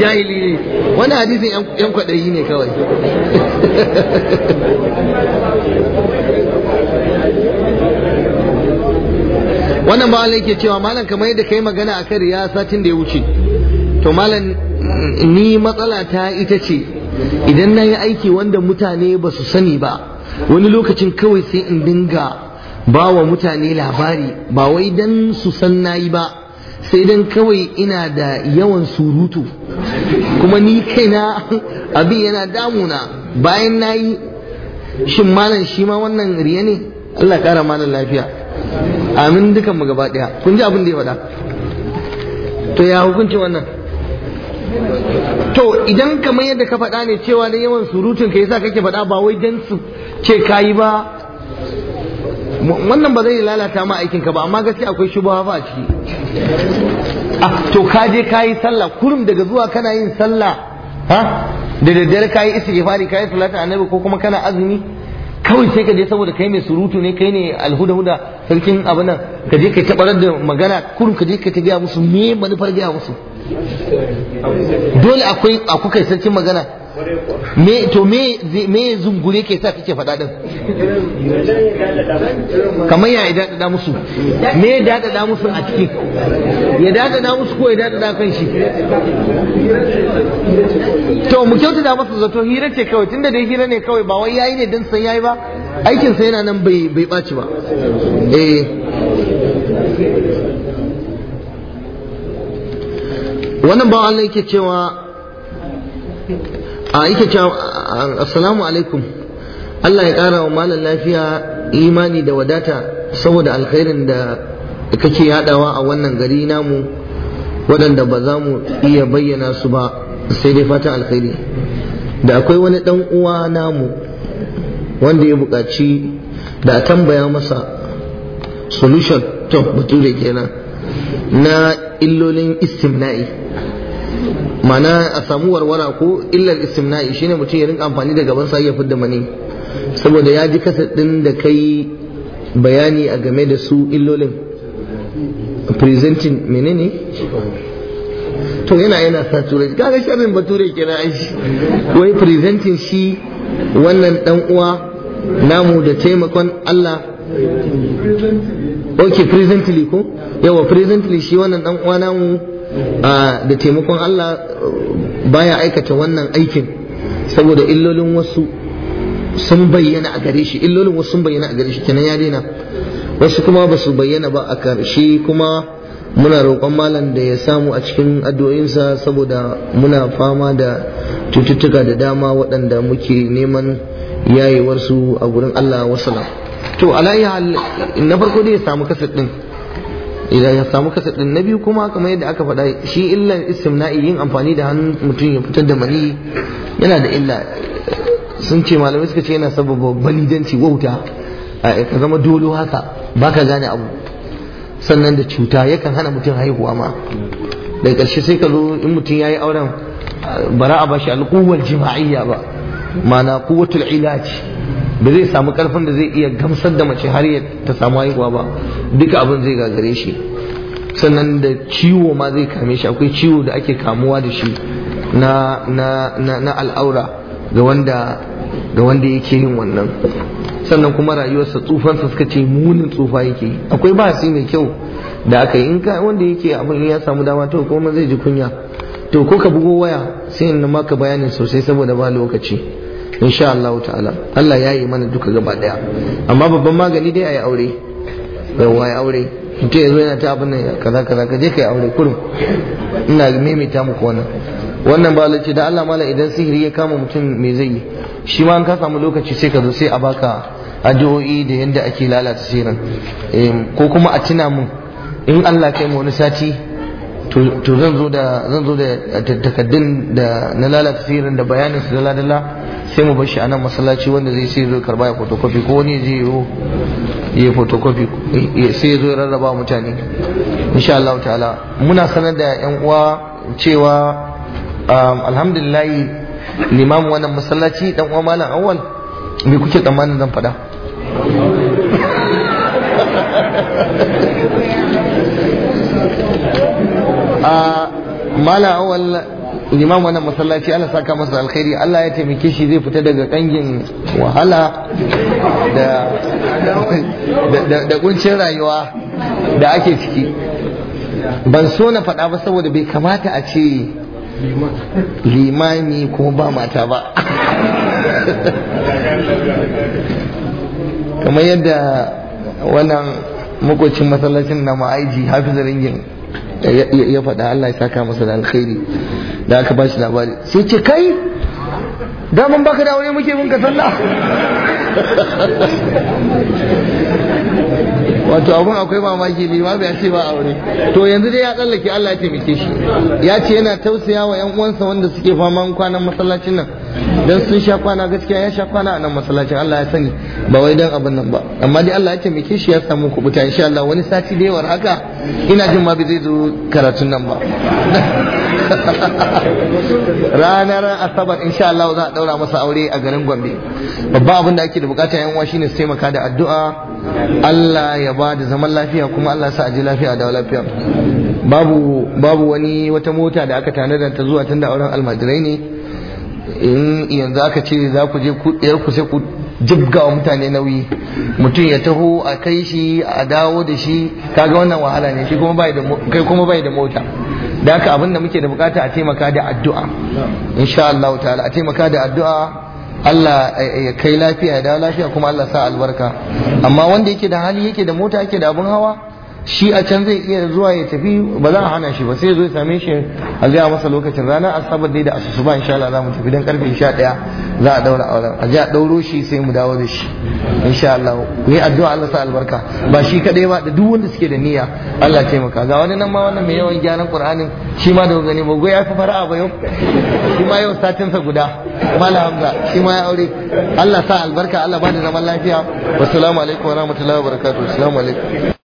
jahili ne wani hadisin yan kwaɗayi ne kawai [LAUGHS] wannan ba ke cewa malam kamar yadda kai magana akan riya satin da ya wuce to malam ni matsala ta ita ce idan na yi aiki wanda mutane ba su sani ba wani lokacin kawai sai in dinga ba wa mutane labari ba wai dan su san na yi ba sai dan kawai ina da yawan surutu kuma ni kaina [LAUGHS] abin yana damuna bayan na yi shin malam shi ma wannan riya ne Allah kara malam lafiya amin dukan mu gaba daya kun ji abin da ya faɗa to ya hukunci wannan to idan kamar yadda ka faɗa ne cewa na yawan surutun ka yasa kake faɗa ba wai dan su ce ka yi ba wannan ba zai lalata ma aikin ka ba amma gaskiya akwai shubha ba a ciki ah, to ka je ka yi sallah kurum daga zuwa kana yin sallah ha da daddare kayi istighfari kayi salatu annabi ko kuma kana azumi kawai sai ka je saboda kai mai surutu ne kai ne alhuda huda sarkin abin nan ka je ka tabarar da magana kurum ka je ka ta gaya musu me manufar gaya musu dole akwai akwai sarkin magana me to me me zungure ke sa kike faɗa din kamar ya da musu me ya da musu a cikin ya da musu ko ya da kan shi to mu kyautata musu zato hira ce kawai tunda dai hira ne kawai ba wai yayi ne dan san yayi ba aikin sa yana nan bai bai ɓaci ba eh wannan ba Allah yake cewa a yake cewa assalamu alaikum Allah ya ƙara wa malam lafiya imani da wadata saboda alkhairin da kake yadawa a wannan gari namu waɗanda ba za mu iya bayyana su ba sai dai fatan alkhairi da akwai wani ɗan uwa namu wanda ya buƙaci da a tambaya masa solution to bature kenan na illolin istimna'i mana a samu warwara ko illar istimna'i shine mutum ya rinka amfani da gaban sa ya fidda mani saboda ya ji kasa din da kai bayani a game da su illolin presenting menene to yana yana sa turai kaga sharrin bature na shi wai presenting shi wannan dan uwa namu da taimakon Allah ok presently ko yawa presently shi wannan dan uwa mu da taimakon Allah baya aikata wannan aikin saboda illolin wasu sun bayyana a gare shi illolin wasu sun bayyana a gare shi kenan ya daina wasu kuma ba su bayyana ba a karshe kuma muna roƙon malam da ya samu a cikin addu'o'insa saboda muna fama da cututtuka da dama waɗanda muke neman yayewarsu a gurin Allah wasalam. to alayya na farko dai ya samu kasar din idan ya samu kasar din na biyu kuma kamar yadda aka faɗa shi illan istimna'i yin amfani da hannun mutum ya fitar da mani yana da illa sun ce malamai suka ce yana sababa balidanci wauta ka zama dolo haka baka gane abu sannan da cuta yakan hana mutum haihuwa ma daga ƙarshe sai ka zo in mutum ya yi auren bara a bashi alƙuwar jima'iyya ba mana kuwatul ilaji ba zai samu karfin da zai iya gamsar da mace har ya ta samu haihuwa ba duka abin zai gagare shi sannan da ciwo ma zai kame shi akwai ciwo da ake kamuwa da shi na na al'aura ga wanda ga wanda yin wannan sannan kuma rayuwarsa tsufansa suka ce munin tsufa yake yi akwai basi mai kyau da aka yi in ka wanda yake abin ya samu dama to kuma zai ji kunya to ko ka bugo waya sai in maka bayanin sosai saboda ba lokaci insha Allah ta'ala Allah ya yi mana duka gaba daya amma babban magani dai ayi aure yawa ya aure mutum ya yana ta abin nan kaza kaza ka je ka aure kurum ina maimaita muku wannan wannan ba lace da Allah mala idan sihiri ya kama mutum me zai yi shi ma an ka samu lokaci sai ka zo sai a baka addu'o'i da yanda ake lalata sihirin eh, ko kuma a tuna mun in Allah kai mu wani sati to zan zo da zan zo da takaddun da na lalata sihirin da bayanin su dala dala sai mu bar shi a nan masallaci wanda zai sai zo karba ya fotokofi ko wani zai yiwo ya fotokofi sai ya zo rarraba mutane insha Allah ta'ala muna sanar da yan uwa cewa um, alhamdulillah limam wannan masallaci dan uwa malam awwal me kuke tsammanin zan faɗa [LAUGHS] ah, malam awwal liman wannan masallaci Allah saka masa alkhairi Allah ya taimake shi zai fita daga kangin wahala da da kuncin rayuwa da ake ciki ban so na faɗa ba saboda bai kamata a ce limani kuma ba mata ba
[LAUGHS] kamar
yadda wannan makocin masallacin na ma'aiji hafiz ringin ya faɗa Allah ya saka masa da alkhairi da aka ba shi labari sai ce kai daman baka da aure muke mun ka sallah [LAUGHS] wato abun akwai mamaki ne ma bai ce ba aure to yanzu dai ya tsallake Allah ya taimake shi ya ce yana tausaya wa yan uwansa wanda suke faman kwanan masallacin nan dan sun sha kwana gaskiya ya sha kwana a nan masallacin Allah ya sani ba wai dan abin nan ba amma dai Allah ya taimake shi ya samu kubuta insha Allah wani sati da yawar haka ina jin ma bai zai zo karatun nan ba
[LAUGHS]
ranar asabar insha Allah za a daura masa aure a garin Gombe babban abin da ake da bukata yan uwa shine su taimaka da addu'a Allah ya ba da zaman lafiya kuma Allah sa je lafiya da lafiya babu babu wani wata mota da aka tanada ta zuwa tun da auren almajirai ne in yanzu aka ce za ku je ku ɗayar ku sai ku jibga mutane nauyi mutum ya taho a kai shi a dawo da shi kaga wannan wahala ne shi kuma bai da kai kuma bai da mota da haka abin da muke da bukata a taimaka da addu'a insha Allah ta'ala a taimaka da addu'a Allah eh, eh, ya kai lafiya da lafiya kuma Allah sa albarka amma wanda yake da hali yake da mota yake da abin hawa shi a can zai iya zuwa ya tafi ba za a hana shi ba sai zo ya same shi a zai masa lokacin rana asabar dai da asusu ba insha Allah za mu tafi don karfe ɗaya za a daura auren a ji a dauro shi sai mu dawo da shi insha Allah ku yi addu'a Allah sa albarka ba shi kadai ba da duk wanda suke da niyya
Allah taimaka
ga wani nan ma wannan mai yawan gyaran Qur'anin shi ma da gani ba ya fi fara'a ba yau shi ma yau satin sa guda mala hamza shi ma ya aure Allah sa albarka Allah ba da zaman lafiya wassalamu alaikum warahmatullahi wabarakatuh assalamu alaikum